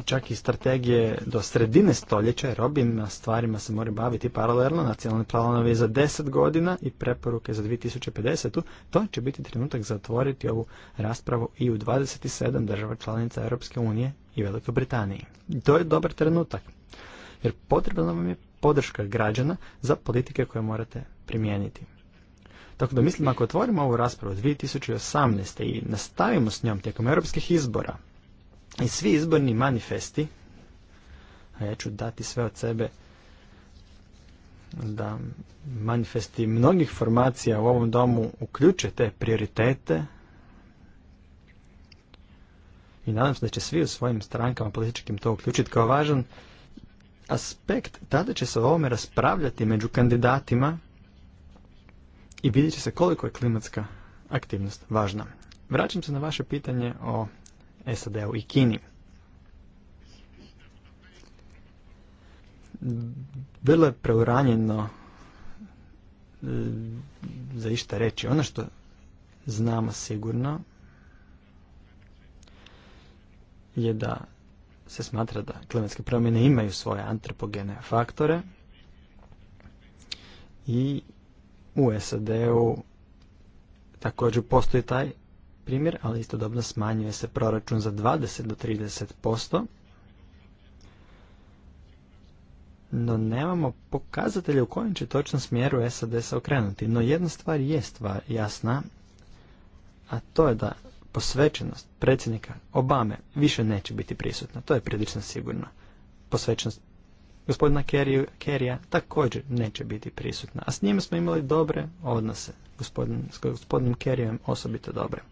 čak i strategije do sredine stoljeća, jer na stvarima se mora baviti paralelno, nacionalni planovi za 10 godina i preporuke za 2050. To će biti trenutak za otvoriti ovu raspravu i u 27 država članica Europske unije i Velikoj Britaniji. To je dobar trenutak, jer potrebna vam je podrška građana za politike koje morate primijeniti. Tako da mislim, ako otvorimo ovu raspravu 2018. i nastavimo s njom tijekom europskih izbora, i svi izborni manifesti, a ja ću dati sve od sebe, da manifesti mnogih formacija u ovom domu uključe te prioritete i nadam se da će svi u svojim strankama političkim to uključiti kao važan aspekt. Tada će se o ovome raspravljati među kandidatima i vidjet će se koliko je klimatska aktivnost važna. Vraćam se na vaše pitanje o SAD-u i Kini. Vrlo je preuranjeno e, za išta reći. Ono što znamo sigurno je da se smatra da klimatske promjene imaju svoje antropogene faktore i u SAD-u također postoji taj primjer, ali istodobno smanjuje se proračun za 20 do 30%. No nemamo pokazatelje u kojem će točno smjeru SAD se okrenuti. No jedna stvar je stvar jasna, a to je da posvećenost predsjednika Obame više neće biti prisutna. To je prilično sigurno. Posvećenost gospodina Kerija također neće biti prisutna. A s njima smo imali dobre odnose. Gospodin, s gospodinom Kerryom osobito dobre.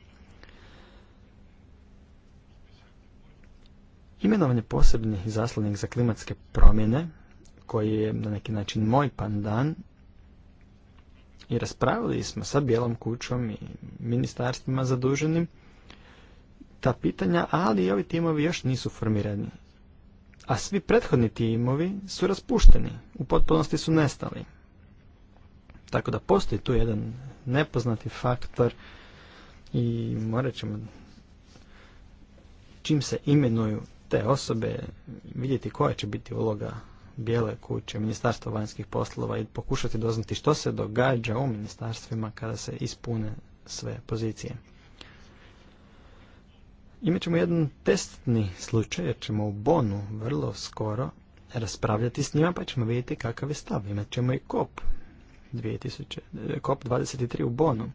Imenovan je posebni zaslanik za klimatske promjene, koji je na neki način moj pandan, i raspravili smo sa Bijelom kućom i ministarstvima zaduženim ta pitanja, ali i ovi timovi još nisu formirani. A svi prethodni timovi su raspušteni, u potpunosti su nestali. Tako da postoji tu jedan nepoznati faktor i morat ćemo čim se imenuju te osobe, vidjeti koja će biti uloga bijele kuće, ministarstva vanjskih poslova i pokušati doznati što se događa u ministarstvima kada se ispune sve pozicije. Imat ćemo jedan testni slučaj jer ćemo u Bonu vrlo skoro raspravljati s njima pa ćemo vidjeti kakav je stav. Imat ćemo i KOP, 2000, KOP 23 u Bonu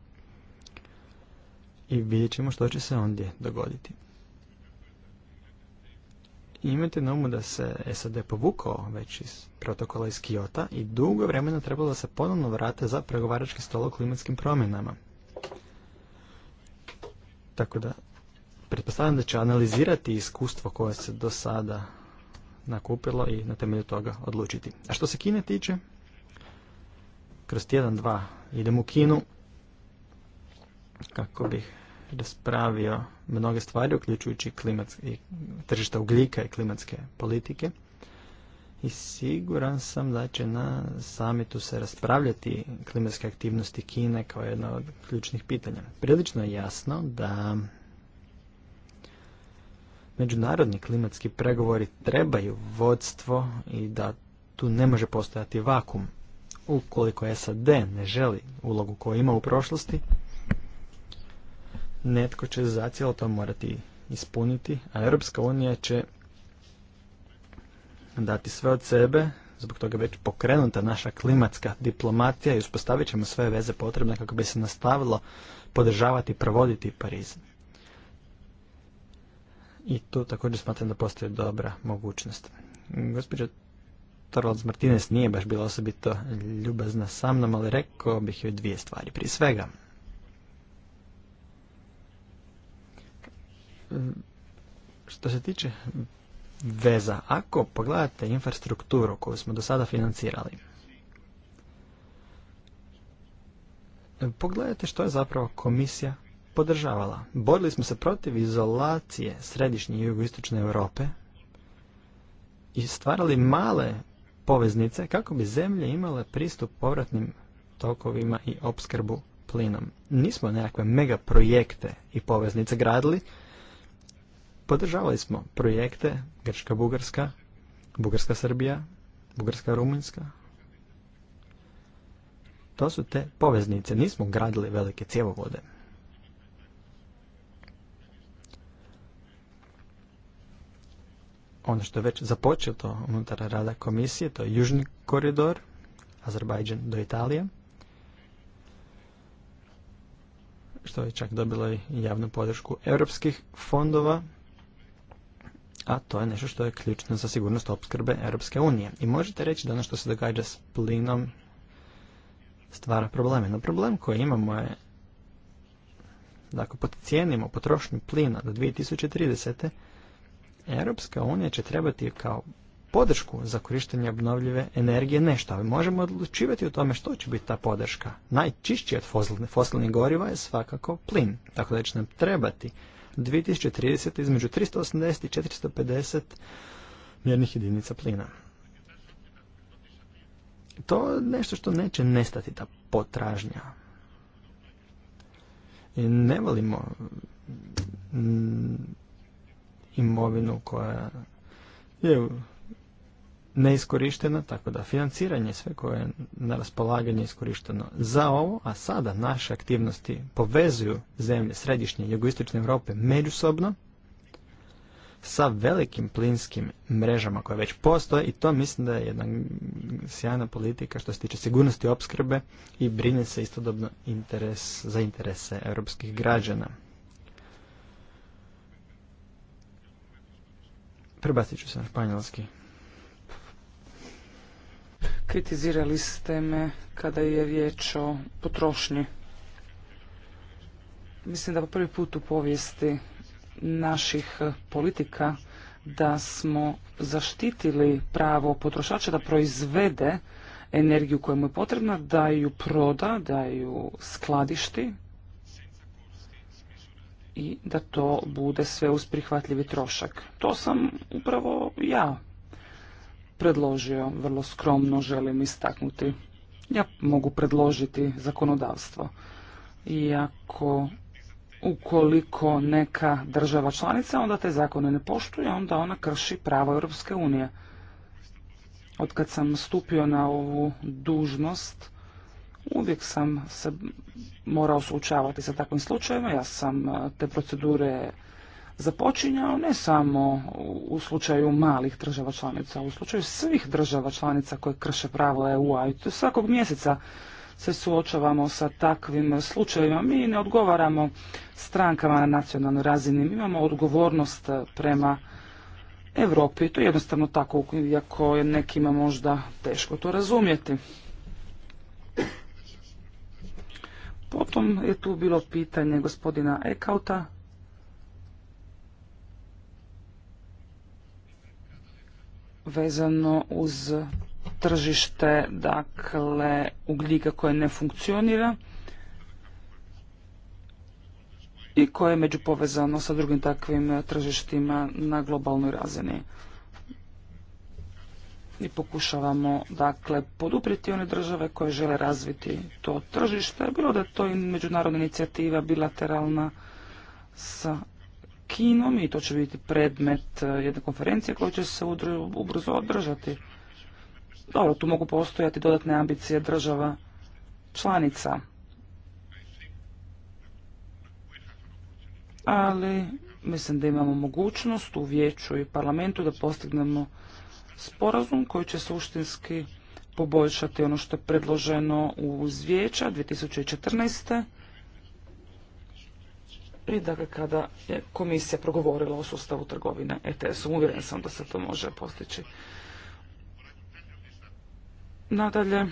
i vidjet ćemo što će se ondje dogoditi imajte na umu da se SAD povukao već iz protokola iz Kijota i dugo vremena trebalo da se ponovno vrate za pregovarački stol o klimatskim promjenama. Tako da, pretpostavljam da će analizirati iskustvo koje se do sada nakupilo i na temelju toga odlučiti. A što se Kine tiče, kroz tjedan, dva idem u Kinu kako bih raspravio mnoge stvari, uključujući klimatske tržišta ugljika i klimatske politike. I siguran sam da će na samitu se raspravljati klimatske aktivnosti Kine kao jedno od ključnih pitanja. Prilično je jasno da međunarodni klimatski pregovori trebaju vodstvo i da tu ne može postojati vakum. Ukoliko SAD ne želi ulogu koju ima u prošlosti, netko će za cijelo to morati ispuniti, a Europska unija će dati sve od sebe, zbog toga već pokrenuta naša klimatska diplomatija i uspostavit ćemo sve veze potrebne kako bi se nastavilo podržavati i provoditi Pariz. I tu također smatram da postoji dobra mogućnost. Gospođa Torvalds Martinez nije baš bila osobito ljubazna sa mnom, ali rekao bih joj dvije stvari. Prije svega, Što se tiče veza, ako pogledate infrastrukturu koju smo do sada financirali, pogledajte što je zapravo komisija podržavala. Borili smo se protiv izolacije središnje i jugoistočne Europe i stvarali male poveznice kako bi zemlje imale pristup povratnim tokovima i opskrbu plinom. Nismo nekakve mega projekte i poveznice gradili, Podržavali smo projekte Grčka Bugarska, Bugarska Srbija, Bugarska Rumunjska. To su te poveznice. Nismo gradili velike cjevovode. Ono što je već započeto unutar rada komisije, to je Južni koridor, Azerbajdžan do Italije. Što je čak dobilo i javnu podršku europskih fondova a to je nešto što je ključno za sigurnost opskrbe Europske unije. I možete reći da ono što se događa s plinom stvara probleme. No problem koji imamo je da ako podcijenimo potrošnju plina do 2030. Europska unija će trebati kao podršku za korištenje obnovljive energije nešto, ali možemo odlučivati o tome što će biti ta podrška. Najčišći od fosilnih goriva je svakako plin, tako da će nam trebati 2030. između 380 i 450 mjernih jedinica plina. To je nešto što neće nestati, ta potražnja. I ne volimo mm, imovinu koja je neiskorištena, tako da financiranje sve koje je na raspolaganje iskorišteno za ovo, a sada naše aktivnosti povezuju zemlje središnje i jugoistočne Europe međusobno sa velikim plinskim mrežama koje već postoje i to mislim da je jedna sjajna politika što se tiče sigurnosti opskrbe i brine se istodobno interes, za interese europskih građana. Prebacit ću se na španjolski. Kritizirali ste me kada je riječ o potrošnji. Mislim da po prvi put u povijesti naših politika da smo zaštitili pravo potrošača da proizvede energiju koja mu je potrebna, da ju proda, da ju skladišti i da to bude sve uz prihvatljivi trošak. To sam upravo ja predložio, vrlo skromno želim istaknuti. Ja mogu predložiti zakonodavstvo. Iako ukoliko neka država članica onda te zakone ne poštuje, onda ona krši pravo Europske unije. Od kad sam stupio na ovu dužnost, uvijek sam se morao suočavati sa takvim slučajevima. Ja sam eh, te procedure započinjao ne samo u slučaju malih država članica, u slučaju svih država članica koje krše pravo EU-a i to svakog mjeseca se suočavamo sa takvim slučajevima. Mi ne odgovaramo strankama na nacionalnoj razini, mi imamo odgovornost prema Europi. To je jednostavno tako, iako je nekima možda teško to razumjeti. Potom je tu bilo pitanje gospodina Ekauta vezano uz tržište dakle ugljika koje ne funkcionira i koje je povezano sa drugim takvim tržištima na globalnoj razini. I pokušavamo dakle poduprijeti one države koje žele razviti to tržište, bilo da je to i međunarodna inicijativa bilateralna sa Kinom i to će biti predmet e, jedne konferencije koje će se ubrzo održati. Dobro, tu mogu postojati dodatne ambicije država članica. Ali mislim da imamo mogućnost u vijeću i parlamentu da postignemo sporazum koji će suštinski poboljšati ono što je predloženo u vijeća 2014 i dakle kada je komisija progovorila o sustavu trgovine ETS-om. Uvjeren sam da se to može postići. Nadalje,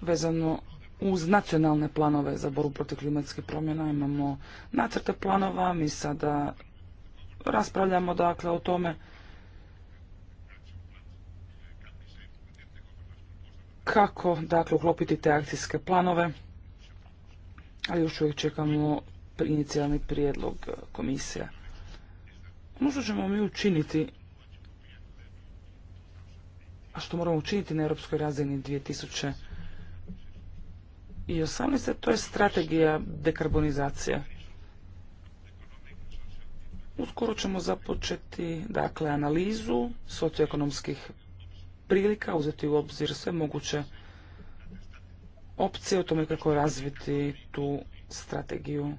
vezano uz nacionalne planove za boru protiv klimatskih promjena imamo nacrte planova, mi sada raspravljamo dakle o tome kako dakle uklopiti te akcijske planove, a još uvijek čekamo inicijalni prijedlog e, komisije. Ono što ćemo mi učiniti, a što moramo učiniti na europskoj razini 2000 i to je strategija dekarbonizacije. Uskoro ćemo započeti dakle, analizu socioekonomskih prilika uzeti u obzir sve moguće opcije o tome kako razviti tu strategiju.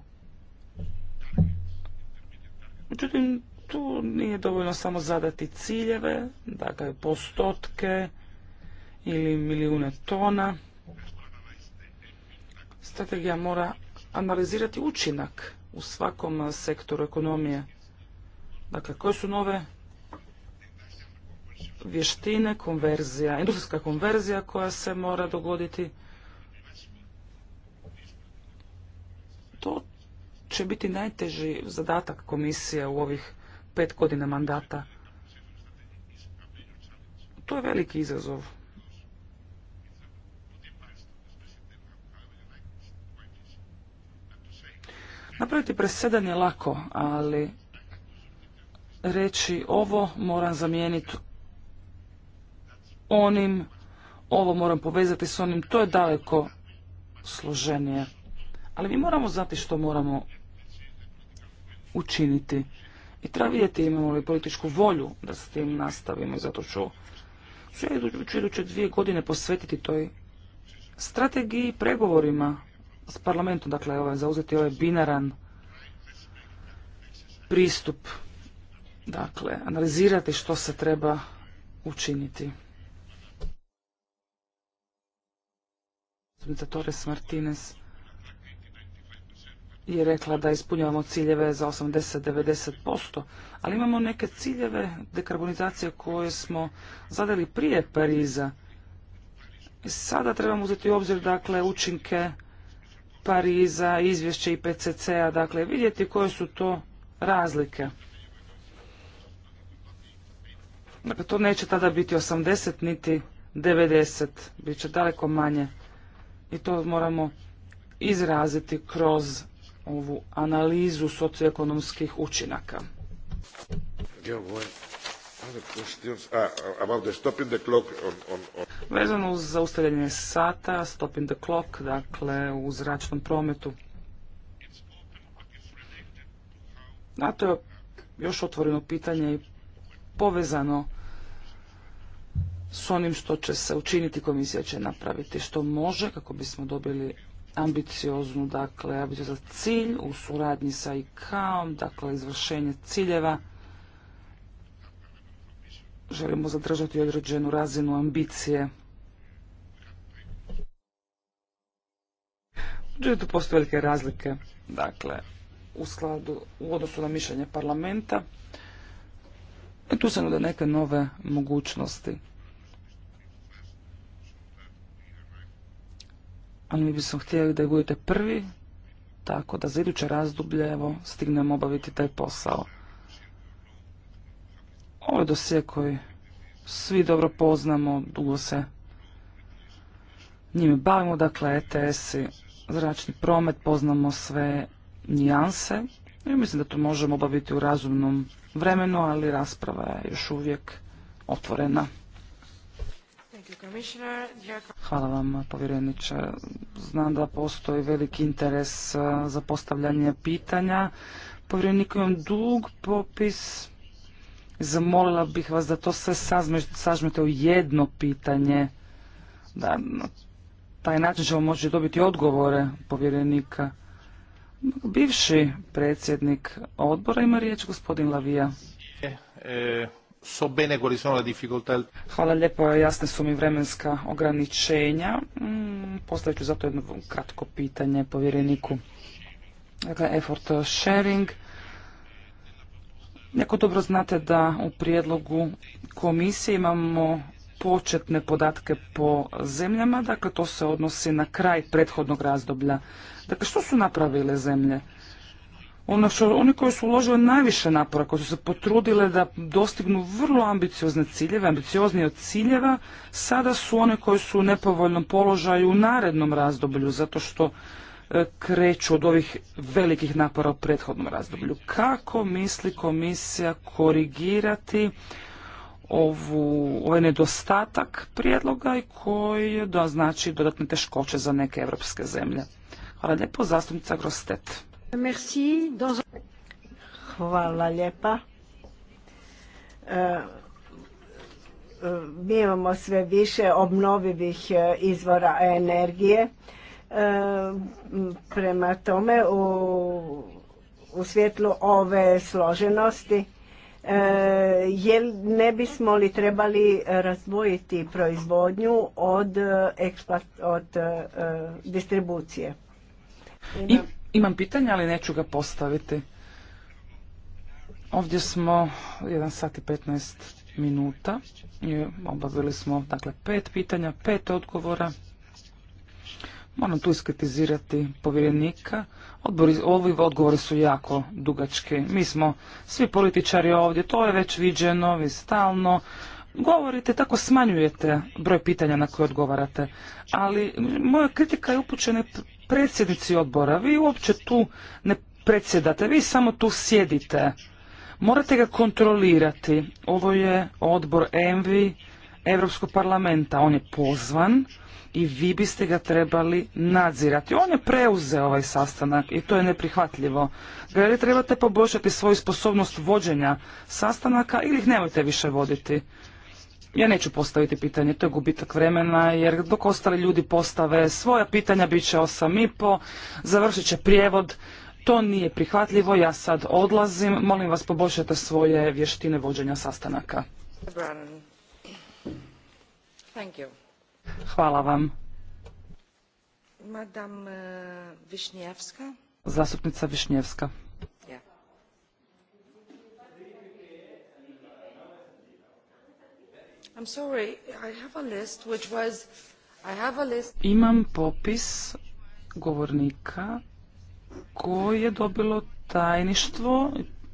Međutim, tu nije dovoljno samo zadati ciljeve, dakle postotke ili milijune tona. Strategija mora analizirati učinak u svakom sektoru ekonomije. Dakle, koje su nove vještine, konverzija, industrijska konverzija koja se mora dogoditi. To će biti najteži zadatak komisije u ovih pet godina mandata. To je veliki izazov. Napraviti presedan je lako, ali reći ovo moram zamijeniti onim, ovo moram povezati s onim, to je daleko složenije. Ali mi moramo znati što moramo učiniti. I treba vidjeti imamo li političku volju da s tim nastavimo. I zato ću, ću iduće, dvije godine posvetiti toj strategiji pregovorima s parlamentom. Dakle, ovaj, zauzeti ovaj binaran pristup. Dakle, analizirati što se treba učiniti. Zastupnica Torres Martinez je rekla da ispunjavamo ciljeve za 80-90%, ali imamo neke ciljeve dekarbonizacije koje smo zadali prije Pariza. Sada trebamo uzeti u obzir dakle, učinke Pariza, izvješće IPCC-a, dakle vidjeti koje su to razlike. Dakle, to neće tada biti 80 niti 90, bit će daleko manje i to moramo izraziti kroz ovu analizu socioekonomskih učinaka. Vezano uz zaustavljanje sata, in the clock, dakle u zračnom prometu. Na to je još otvoreno pitanje i povezano s onim što će se učiniti, komisija će napraviti što može kako bismo dobili ambicioznu, dakle, za cilj u suradnji sa ICAO-om, dakle, izvršenje ciljeva. Želimo zadržati određenu razinu ambicije. Međutim, postoje velike razlike, dakle, u skladu, u odnosu na mišljenje parlamenta. tu se da neke nove mogućnosti. ali mi bismo htjeli da budete prvi, tako da za iduće razdoblje evo, stignemo obaviti taj posao. Ovo je dosije koji svi dobro poznamo, dugo se njime bavimo, dakle ETS-i, zračni promet, poznamo sve nijanse i mislim da to možemo obaviti u razumnom vremenu, ali rasprava je još uvijek otvorena. Hvala vam, povjereniče. Znam da postoji veliki interes e, za postavljanje pitanja. Povjereniku imam dug popis. Zamolila bih vas da to sve sažmete u jedno pitanje. Da, na taj način ćemo moći dobiti odgovore povjerenika. Bivši predsjednik odbora ima riječ, gospodin Lavija. E, e, so Hvala lijepo, jasne su mi vremenska ograničenja. Mm, postavit ću zato jedno kratko pitanje povjereniku. Dakle, effort sharing. Jako dobro znate da u prijedlogu komisije imamo početne podatke po zemljama, dakle to se odnosi na kraj prethodnog razdoblja. Dakle, što su napravile zemlje? Oni koje su uložile najviše napora, koje su se potrudile da dostignu vrlo ambiciozne ciljeve, ambicioznije od ciljeva, sada su one koji su u nepovoljnom položaju u narednom razdoblju, zato što e, kreću od ovih velikih napora u prethodnom razdoblju. Kako misli komisija korigirati ovu, ovaj nedostatak prijedloga i koji da znači dodatne teškoće za neke evropske zemlje? Hvala lijepo, zastupnica Grostet. Hvala lijepa. E, e, mi imamo sve više obnovivih e, izvora energije. prema tome u, svjetlu ove složenosti ne bismo li trebali razvojiti proizvodnju od, distribucije? I imam pitanje, ali neću ga postaviti. Ovdje smo 1 sat i 15 minuta obavili smo dakle pet pitanja, pet odgovora. Moram tu iskritizirati povjerenika. Odbori, ovi odgovori su jako dugački. Mi smo svi političari ovdje, to je već viđeno, vi stalno govorite, tako smanjujete broj pitanja na koje odgovarate. Ali moja kritika je upućena predsjednici odbora, vi uopće tu ne predsjedate, vi samo tu sjedite. Morate ga kontrolirati. Ovo je odbor ENVI Europskog parlamenta. On je pozvan i vi biste ga trebali nadzirati. On je preuzeo ovaj sastanak i to je neprihvatljivo. Gledajte, trebate poboljšati svoju sposobnost vođenja sastanaka ili ih nemojte više voditi. Ja neću postaviti pitanje, to je gubitak vremena, jer dok ostali ljudi postave svoja pitanja, bit će 8,5, završit će prijevod, to nije prihvatljivo, ja sad odlazim, molim vas poboljšajte svoje vještine vođenja sastanaka. Hvala vam. Eh, Zastupnica Višnjevska. Imam popis govornika koje je dobilo tajništvo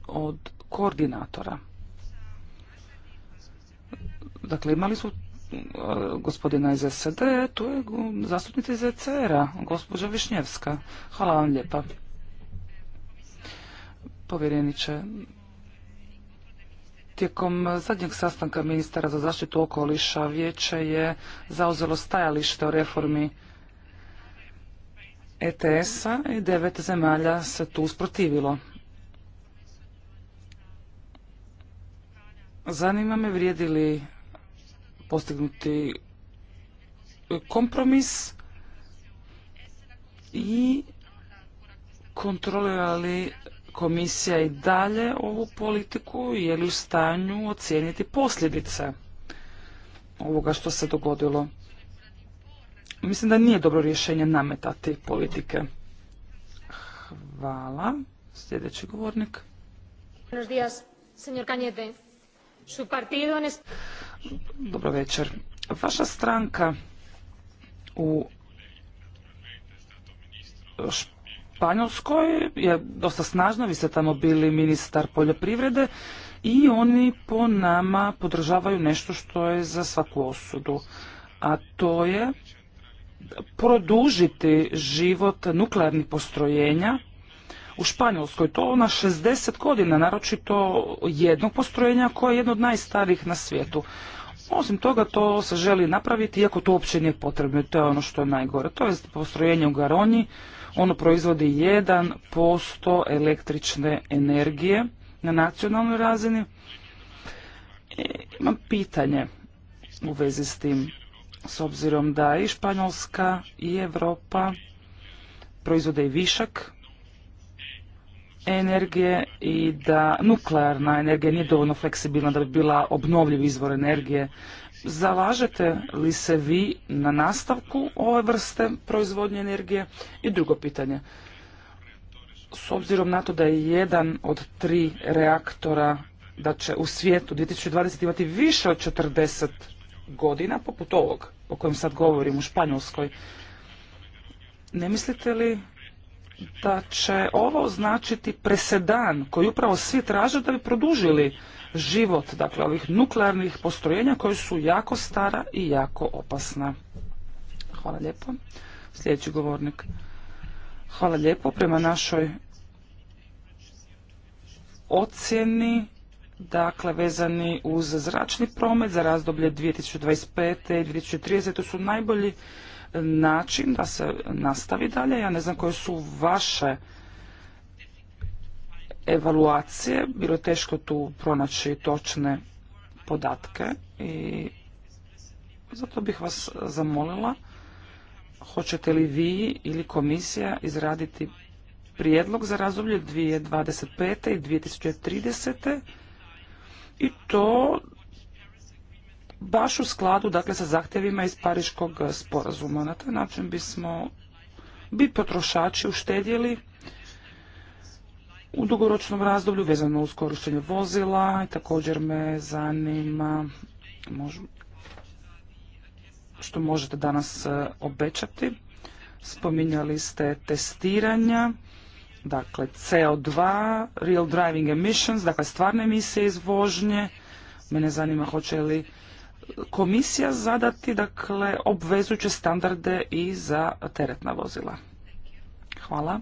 od koordinatora. Dakle, imali su eh, gospodina iz SED, tu je zastupnica iz ECR-a, gospođa Višnjevska. Hvala vam lijepa. Povjereniče, Tijekom zadnjeg sastanka ministara za zaštitu okoliša vijeće je zauzelo stajalište o reformi ETS-a i devet zemalja se tu usprotivilo. Zanima me vrijedi li postignuti kompromis i kontrolirali komisija i dalje ovu politiku je li u stanju ocijeniti posljedice ovoga što se dogodilo. Mislim da nije dobro rješenje nametati politike. Hvala. Sljedeći govornik. Dobro večer. Vaša stranka u Španjolskoj je dosta snažno, vi ste tamo bili ministar poljoprivrede i oni po nama podržavaju nešto što je za svaku osudu, a to je produžiti život nuklearnih postrojenja u Španjolskoj. To na 60 godina, naročito jednog postrojenja koje je jedno od najstarijih na svijetu. Osim toga, to se želi napraviti, iako to uopće nije potrebno. To je ono što je najgore. To je postrojenje u Garonji, ono proizvodi 1% električne energije na nacionalnoj razini. I e, imam pitanje u vezi s tim, s obzirom da i Španjolska i Europa proizvode i višak energije i da nuklearna energija nije dovoljno fleksibilna da bi bila obnovljiv izvor energije Zalažete li se vi na nastavku ove vrste proizvodnje energije? I drugo pitanje. S obzirom na to da je jedan od tri reaktora da će u svijetu 2020 imati više od 40 godina, poput ovog o kojem sad govorim u Španjolskoj, ne mislite li da će ovo značiti presedan koji upravo svi traže da bi produžili život, dakle ovih nuklearnih postrojenja koji su jako stara i jako opasna. Hvala lijepo. Sljedeći govornik. Hvala lijepo. Prema našoj ocjeni, dakle vezani uz zračni promet za razdoblje 2025. i 2030. To su najbolji e, način da se nastavi dalje. Ja ne znam koje su vaše evaluacije, bilo je teško tu pronaći točne podatke i zato bih vas zamolila hoćete li vi ili komisija izraditi prijedlog za razdoblje 2025. i 2030. i to baš u skladu dakle sa zahtjevima iz Pariškog sporazuma. Na taj način bismo bi potrošači uštedjeli u dugoročnom razdoblju vezano uz korištenje vozila i također me zanima što možete danas e, obećati. Spominjali ste testiranja, dakle CO2, real driving emissions, dakle stvarne emisije iz vožnje. Mene zanima hoće li komisija zadati dakle obvezujuće standarde i za teretna vozila. Hvala.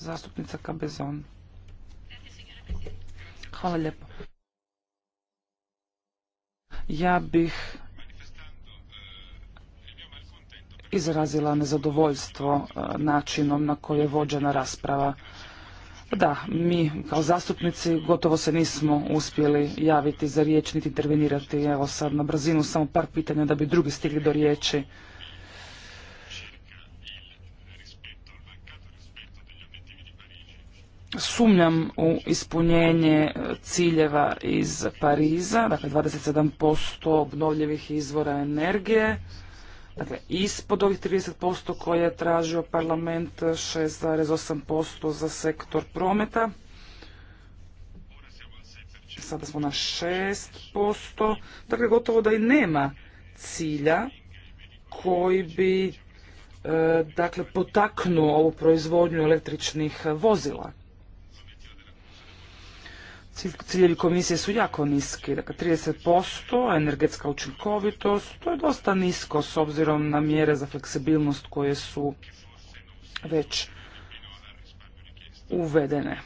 Zastupnica Kabezon. Hvala lijepo. Ja bih izrazila nezadovoljstvo e, načinom na koji je vođena rasprava. Da, mi kao zastupnici gotovo se nismo uspjeli javiti za riječ niti intervenirati. Evo sad na brzinu samo par pitanja da bi drugi stigli do riječi. sumnjam u ispunjenje e, ciljeva iz Pariza, dakle 27% obnovljivih izvora energije, dakle ispod ovih 30% koje je tražio parlament, 6,8% za sektor prometa. Sada smo na 6%, dakle gotovo da i nema cilja koji bi e, dakle potaknuo ovu proizvodnju električnih vozila. Ciljevi komisije su jako niski, dakle 30%, energetska učinkovitost, to je dosta nisko s obzirom na mjere za fleksibilnost koje su već uvedene.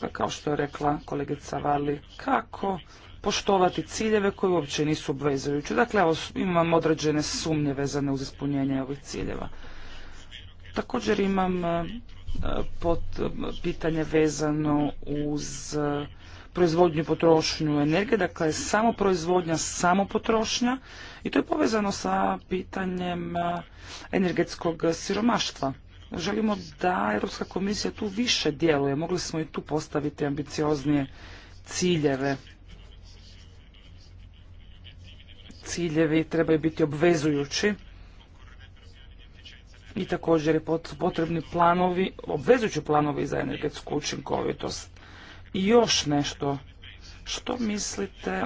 Pa kao što je rekla kolegica Vali, kako poštovati ciljeve koji uopće nisu obvezujući. Dakle, imam određene sumnje vezane uz ispunjenje ovih ciljeva. Također imam pod pitanje vezano uz e, proizvodnju i potrošnju energije, dakle samo proizvodnja, samo potrošnja i to je povezano sa pitanjem e, energetskog siromaštva. Želimo da Europska komisija tu više djeluje, mogli smo i tu postaviti ambicioznije ciljeve. Ciljevi trebaju biti obvezujući i također je potrebni planovi, obvezujući planovi za energetsku učinkovitost. I još nešto, što mislite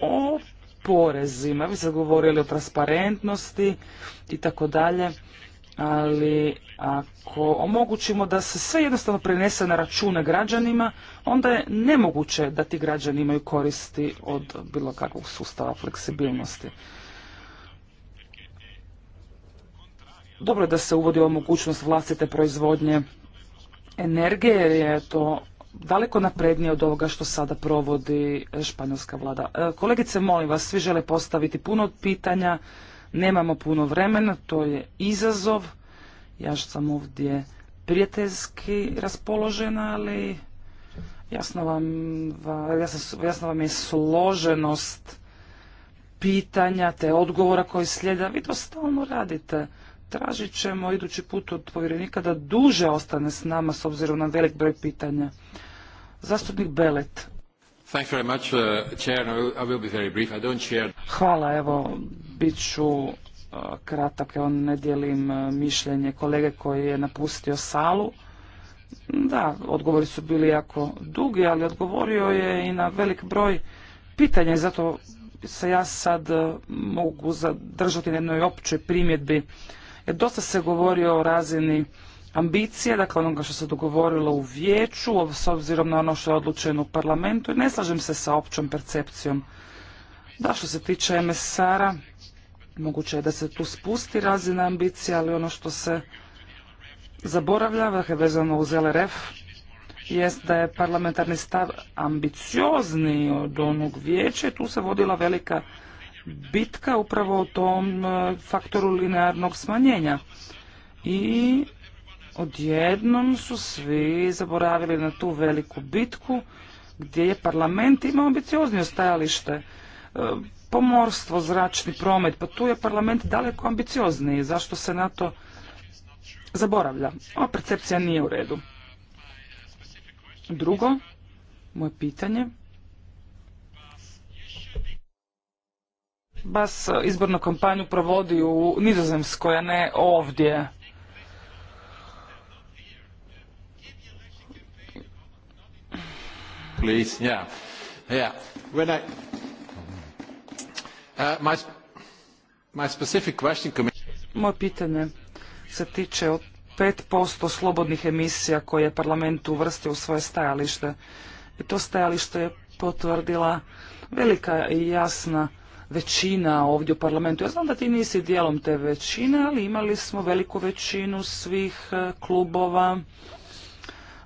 o porezima? Vi ste govorili o transparentnosti i tako dalje, ali ako omogućimo da se sve jednostavno prenese na račune građanima, onda je nemoguće da ti građani imaju koristi od bilo kakvog sustava fleksibilnosti. Dobro je da se uvodi ova mogućnost vlastite proizvodnje energije jer je to daleko naprednije od ovoga što sada provodi španjolska vlada. E, kolegice, molim vas, svi žele postaviti puno pitanja, nemamo puno vremena, to je izazov. Ja sam ovdje prijateljski raspoložena, ali jasno vam, jasno vam je složenost pitanja te odgovora koji slijeda. Vi to stalno radite tražit ćemo idući put od povjerenika da duže ostane s nama s obzirom na velik broj pitanja. Zastupnik Belet. Hvala, evo, bit ću uh, kratak, evo, ne dijelim uh, mišljenje kolege koji je napustio salu. Da, odgovori su bili jako dugi, ali odgovorio je i na velik broj pitanja i zato se ja sad uh, mogu zadržati na jednoj općoj primjedbi Dosta se govori o razini ambicije, dakle onoga što se dogovorilo u vijeću, s obzirom na ono što je odlučeno u parlamentu i ne slažem se sa općom percepcijom. Da, što se tiče MSR-a, moguće je da se tu spusti razina ambicije, ali ono što se zaboravlja, dakle vezano uz LRF, jest da je parlamentarni stav ambiciozni od onog vijeća i tu se vodila velika bitka upravo o tom e, faktoru linearnog smanjenja. I odjednom su svi zaboravili na tu veliku bitku gdje je parlament imao ambicioznije stajalište. E, pomorstvo, zračni promet, pa tu je parlament daleko ambiciozniji. Zašto se na to zaboravlja? Ova percepcija nije u redu. Drugo, moje pitanje Bas izbornu kampanju provodi u Nizozemskoj, a ne ovdje. Please, yeah. Yeah. Uh, my, my specific question... Moje pitanje se tiče od 5% slobodnih emisija koje je parlament uvrstio u svoje stajalište. I to stajalište je potvrdila velika i jasna većina ovdje u parlamentu. Ja znam da ti nisi dijelom te većine, ali imali smo veliku većinu svih e, klubova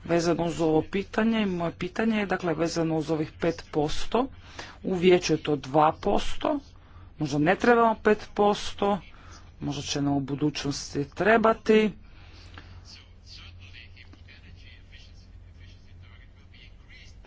vezano uz ovo pitanje. Moje pitanje je dakle vezano uz ovih 5%. U vijeću je to 2%. Možda ne trebamo 5%. Možda će nam u budućnosti trebati.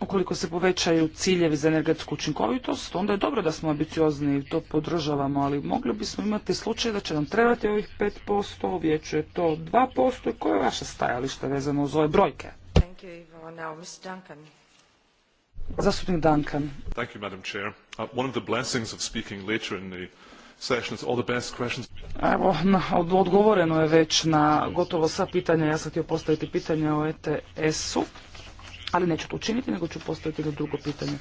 ukoliko se povećaju ciljevi za energetsku učinkovitost, onda je dobro da smo ambiciozni i to podržavamo, ali mogli bismo imati slučaj da će nam trebati ovih 5%, uvjećuje to 2% i koje je vaše stajalište vezano uz ove brojke? Thank you, Zastupnik Duncan. Thank you, Madam Chair. Uh, one of the blessings of speaking later in the Evo, odgovoreno je već na gotovo sva pitanja. Ja sam htio postaviti pitanje o ETS-u ali neću to učiniti, nego ću postaviti jedno drugo pitanje.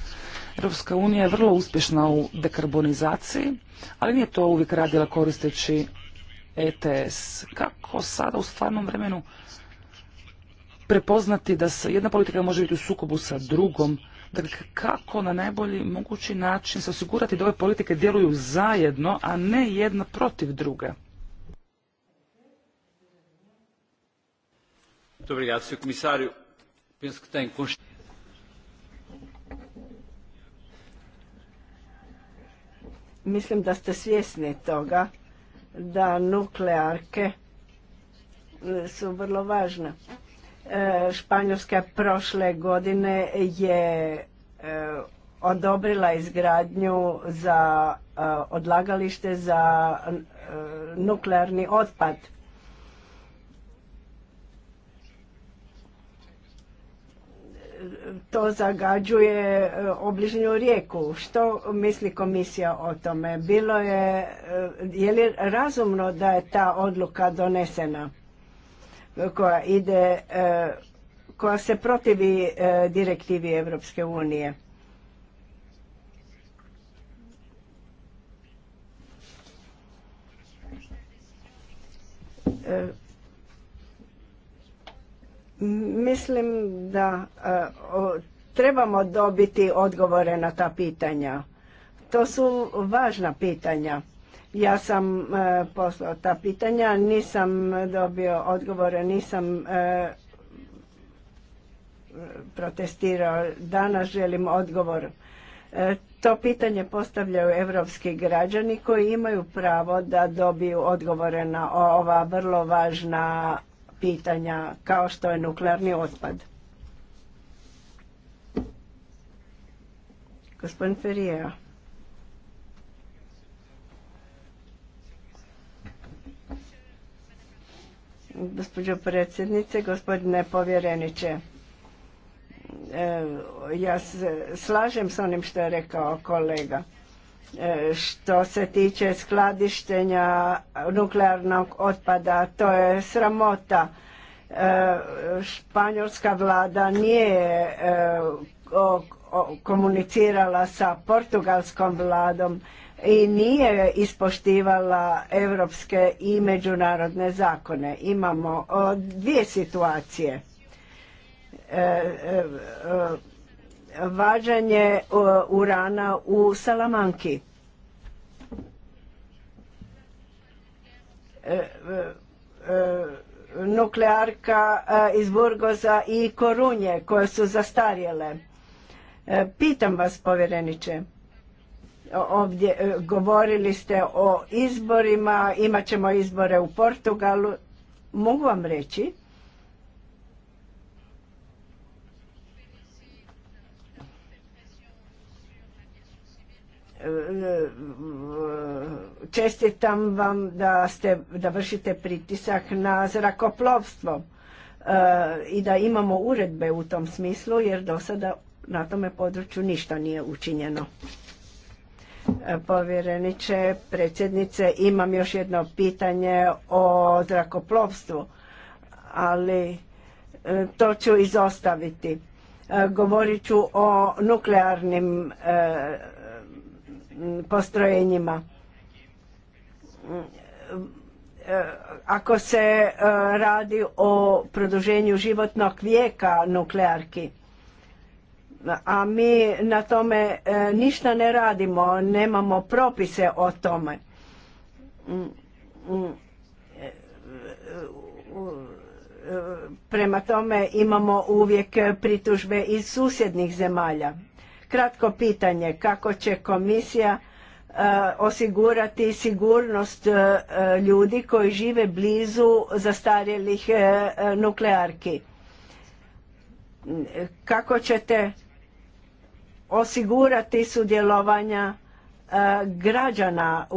Europska unija je vrlo uspješna u dekarbonizaciji, ali nije to uvijek radila koristeći ETS. Kako sada u stvarnom vremenu prepoznati da se jedna politika može biti u sukobu sa drugom, Dakle, kako na najbolji mogući način se osigurati da ove politike djeluju zajedno, a ne jedna protiv druge? Obrigado, Mislim da ste svjesni toga da nuklearke su vrlo važne. E, Španjolska prošle godine je e, odobrila izgradnju za e, odlagalište za nuklearni otpad to zagađuje e, obližnju rijeku. Što misli komisija o tome? Bilo je, e, je li razumno da je ta odluka donesena koja ide, e, koja se protivi direktivi Europske unije? Mislim da e, trebamo dobiti odgovore na ta pitanja. To su važna pitanja. Ja sam e, poslao ta pitanja, nisam dobio odgovore, nisam e, protestirao. Danas želim odgovor. To pitanje postavljaju evropski građani koji imaju pravo da dobiju odgovore na ova vrlo važna pitanja kao što je nuklearni otpad. Gospodin Ferija. Gospođo predsjednice, gospodine povjereniče, e, ja se slažem s onim što je rekao kolega. E, što se tiče skladištenja nuklearnog otpada, to je sramota. E, španjolska vlada nije e, komunicirala sa portugalskom vladom i nije ispoštivala europske i međunarodne zakone. Imamo dvije situacije vađanje e, urana u Salamanki. E, e, nuklearka iz Burgoza i Korunje koje su zastarjele. Pitam vas povjereniče, ovdje govorili ste o izborima, imat ćemo izbore u Portugalu. Mogu vam reći čestitam vam da, ste, da vršite pritisak na zrakoplovstvo e, i da imamo uredbe u tom smislu jer do sada na tome području ništa nije učinjeno. E, povjereniče, predsjednice, imam još jedno pitanje o zrakoplovstvu, ali e, to ću izostaviti. Govorit ću o nuklearnim postrojenjima. Ako se e, radi o produženju životnog vijeka nuklearki, a mi na tome e, ništa ne radimo, nemamo propise o tome. Prema tome imamo uvijek pritužbe iz susjednih zemalja. Kratko pitanje, kako će komisija e, osigurati sigurnost e, ljudi koji žive blizu zastarjelih e, nuklearki? Kako ćete osigurati sudjelovanja građana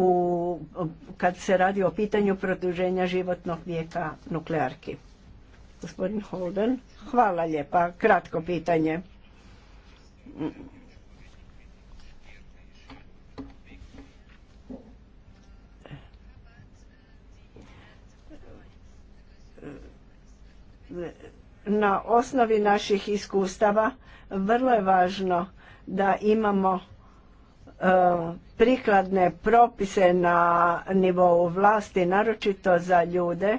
kad se radi o pitanju produženja životnog vijeka nuklearki? Gospodin Holden, hvala lijepa. Kratko pitanje. na osnovi naših iskustava vrlo je važno da imamo e, prikladne propise na nivou vlasti, naročito za ljude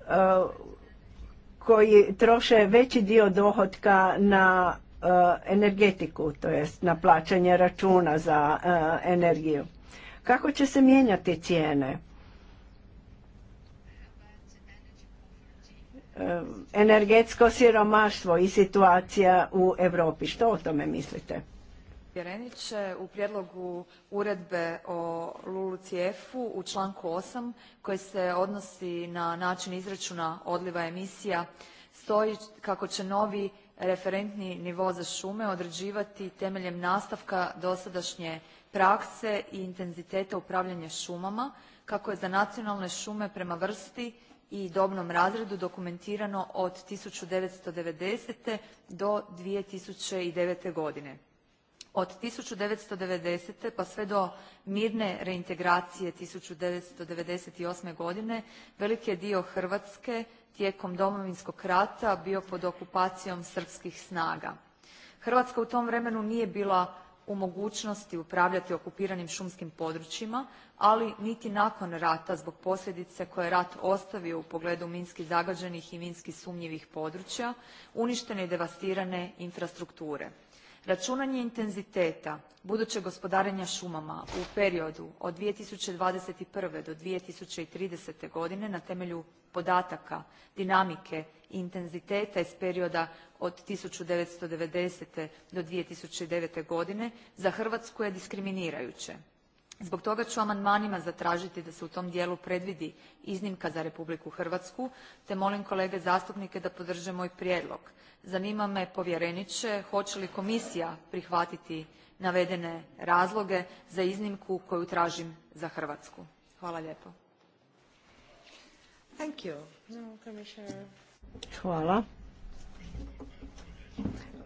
e, koji troše veći dio dohotka na e, energetiku, to jest na plaćanje računa za energiju. Kako će se mijenjati cijene? E, energetsko siromaštvo i situacija u Europi. Što o tome mislite? Vjereniće, u prijedlogu uredbe o LULUCF-u u članku 8 koji se odnosi na način izračuna odliva emisija stoji kako će novi referentni nivo za šume određivati temeljem nastavka dosadašnje prakse i intenziteta upravljanja šumama kako je za nacionalne šume prema vrsti i dobnom razredu dokumentirano od 1990. do 2009. godine. Od 1990. pa sve do mirne reintegracije 1998. godine veliki je dio Hrvatske tijekom Domovinskog rata bio pod okupacijom srpskih snaga. Hrvatska u tom vremenu nije bila u mogućnosti upravljati okupiranim šumskim područjima, ali niti nakon rata zbog posljedice koje je rat ostavio u pogledu minski zagađenih i minski sumnjivih područja, uništene i devastirane infrastrukture. Računanje intenziteta budućeg gospodarenja šumama u periodu od 2021. do 2030. godine na temelju podataka, dinamike intenziteta iz perioda od 1990. do 2009. godine za Hrvatsku je diskriminirajuće. Zbog toga ću amandmanima zatražiti da se u tom dijelu predvidi iznimka za Republiku Hrvatsku, te molim kolege zastupnike da podrže moj prijedlog. Zanima me povjereniče hoće li komisija prihvatiti navedene razloge za iznimku koju tražim za Hrvatsku. Hvala lijepo. Hvala.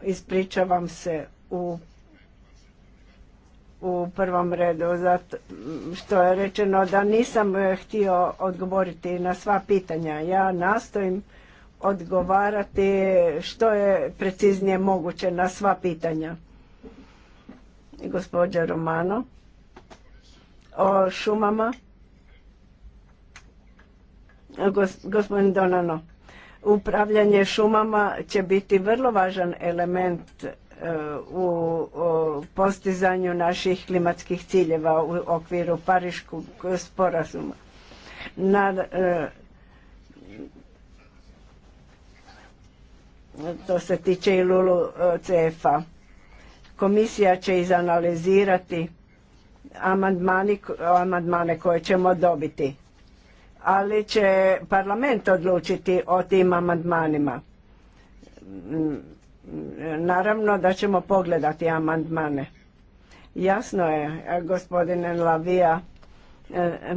Ispričavam se u u prvom redu zato što je rečeno da nisam eh, htio odgovoriti na sva pitanja. Ja nastojim odgovarati što je preciznije moguće na sva pitanja. Gospođa Romano o šumama. gospodin Donano Upravljanje šumama će biti vrlo važan element e, u postizanju naših klimatskih ciljeva u okviru Pariškog sporazuma. Na, e, to se tiče i Lulu e, CFA. Komisija će izanalizirati amandmane koje ćemo dobiti ali će parlament odlučiti o tim amandmanima. Naravno da ćemo pogledati amandmane. Jasno je, gospodine Lavija, e,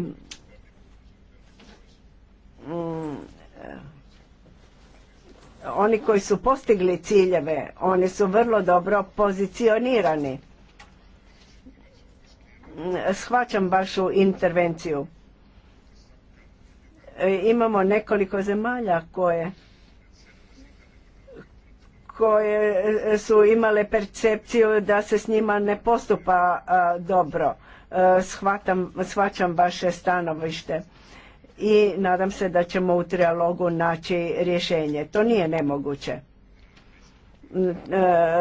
mm, oni koji su postigli ciljeve, oni su vrlo dobro pozicionirani. Shvaćam vašu intervenciju. E, imamo nekoliko zemalja koje koje su imale percepciju da se s njima ne postupa dobro. E, shvaćam vaše stanovište i nadam se da ćemo u trialogu naći rješenje. To nije nemoguće. E,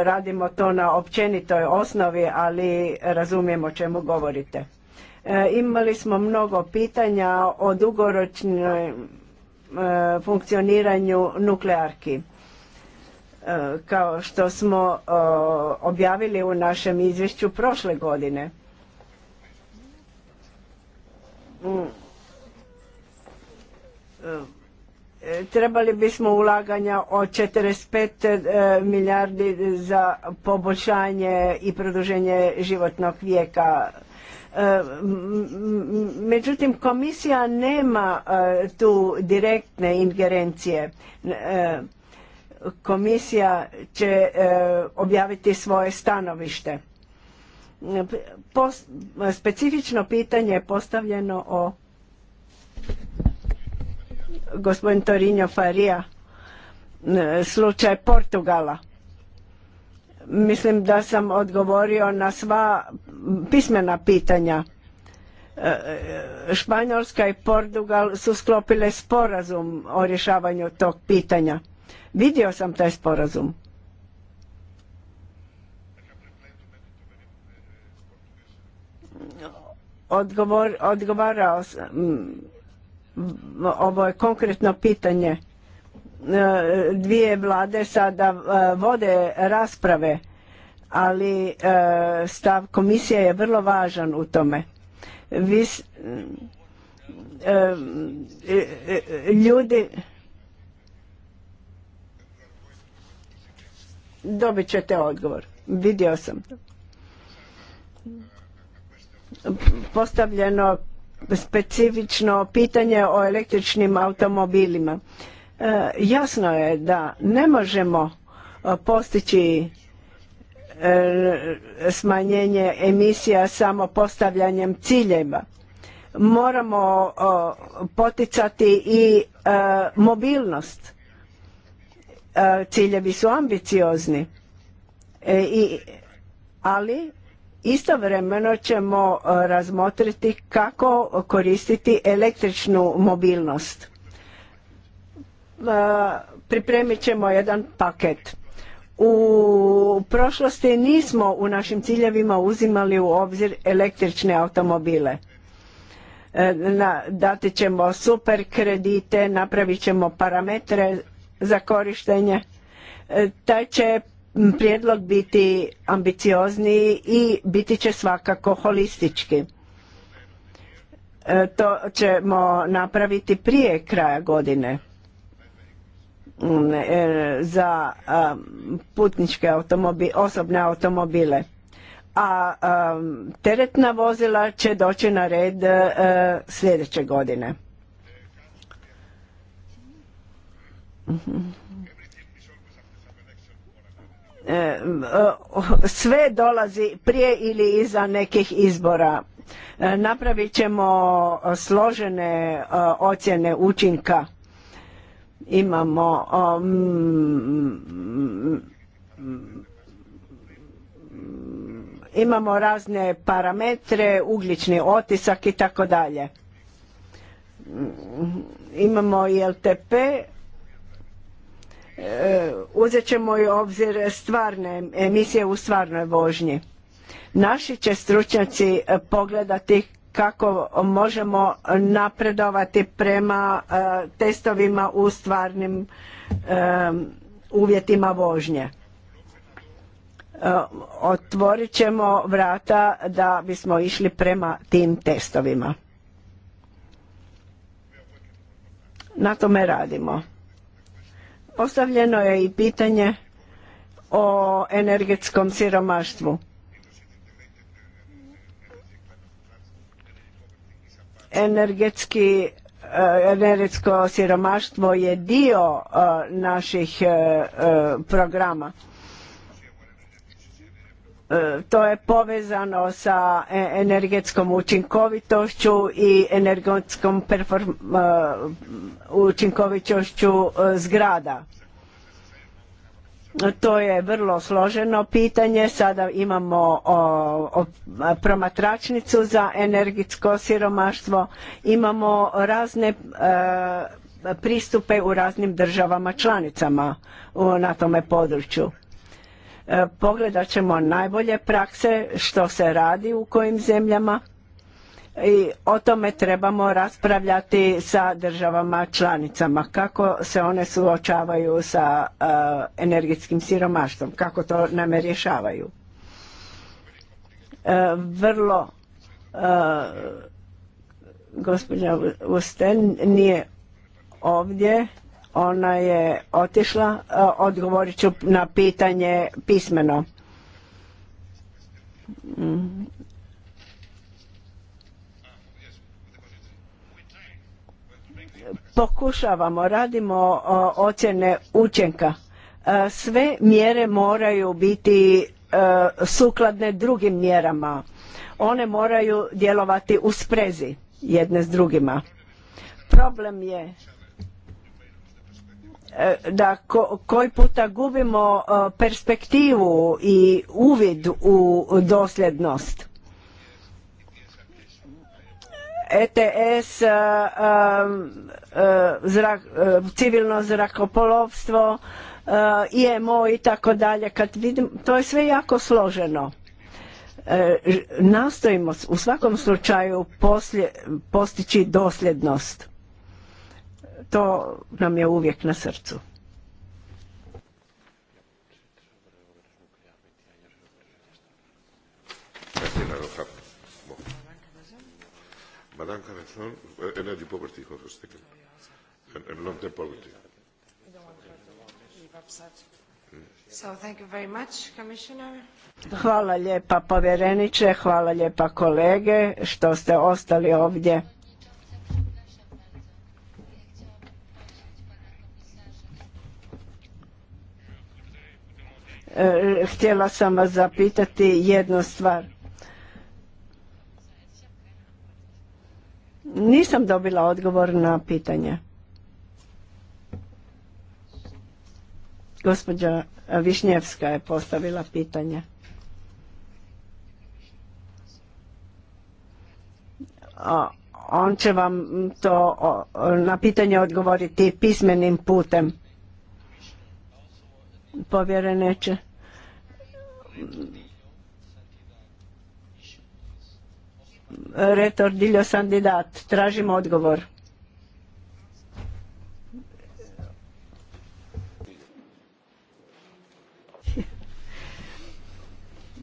radimo to na općenitoj osnovi, ali razumijemo čemu govorite. E, imali smo mnogo pitanja o dugoročnom e, funkcioniranju nuklearki. E, kao što smo objavili u našem izvješću prošle godine. Mm. Trebali bismo ulaganja od 45 milijardi za poboljšanje i produženje životnog vijeka E, međutim, komisija nema e, tu direktne ingerencije. E, komisija će objaviti svoje stanovište. specifično pitanje je postavljeno o gospodin Torinjo Farija slučaj Portugala. Mislim da sam odgovorio na sva pismena pitanja. E, Španjolska i Portugal su sklopile sporazum o rješavanju tog pitanja. Vidio sam taj sporazum. Odgovor, odgovarao sam, ovo je konkretno pitanje. E, dvije vlade sada e, vode rasprave ali e, stav komisije je vrlo važan u tome. E, e, ljudi dobit ćete odgovor. Vidio sam postavljeno specifično pitanje o električnim automobilima. Jasno je da ne možemo postići E, smanjenje emisija samo postavljanjem ciljeva. Moramo poticati i e, mobilnost. E, ciljevi su ambiciozni, i, ali istovremeno ćemo razmotriti kako koristiti električnu mobilnost. Pripremit ćemo jedan paket u prošlosti nismo u našim ciljevima uzimali u obzir električne automobile. E, na, dati ćemo super kredite, napravit ćemo parametre za korištenje. E, taj će prijedlog biti ambiciozniji i biti će svakako holistički. E, to ćemo napraviti prije kraja godine. E, za putničke osobne automobile. A teretna vozila će doći na red e, sljedeće godine. E, sve dolazi prije ili iza nekih izbora. Napravit ćemo složene ocjene učinka imamo imamo razne parametre, ugljični otisak i tako dalje. Imamo i LTP, e, uzet ćemo i obzir stvarne emisije u stvarnoj vožnji. Naši će stručnjaci e, pogledati kako možemo napredovati prema e, testovima u stvarnim e, uvjetima vožnje e, otvorit ćemo vrata da bismo išli prema tim testovima. Na tome radimo. Postavljeno je i pitanje o energetskom siromaštvu. Eh, energetsko siromaštvo je dio eh, naših eh, programa. To je povezano sa energetskom učinkovitošću i energetskom učinkovitošću zgrada to je vrlo složeno pitanje. Sada imamo promatračnicu za energetsko siromaštvo. Imamo razne e, pristupe u raznim državama članicama na tome području. E, pogledat ćemo najbolje prakse što se radi u kojim zemljama i o tome trebamo raspravljati sa državama članicama kako se one suočavaju sa e, energetskim siromaštvom kako to nam rješavaju e, vrlo e, gospođa Usten nije ovdje ona je otišla odgovorit ću na pitanje pismeno mm. pokušavamo, radimo ocjene učenka. E, sve mjere moraju biti e, sukladne drugim mjerama. One moraju djelovati u sprezi jedne s drugima. Problem je e, da koji puta gubimo perspektivu i uvid u dosljednost ETS, civilno zrakopolovstvo, IMO i tako dalje. Kad vidim, to je sve jako složeno. E, nastojimo u svakom slučaju postići dosljednost. To nam je uvijek na srcu. concern energy poverty, how was and, and long-term poverty. So, thank you very much, Commissioner. Hvala lijepa povjereniče, hvala lijepa kolege što ste ostali ovdje. E, htjela sam vas zapitati jednu stvar. Nisam dobila odgovor na pitanje. Gospođa Višnjevska je postavila pitanje. On će vam to na pitanje odgovoriti pismenim putem. Povjereneće. Retor Diljo Sandidat. Tražim odgovor.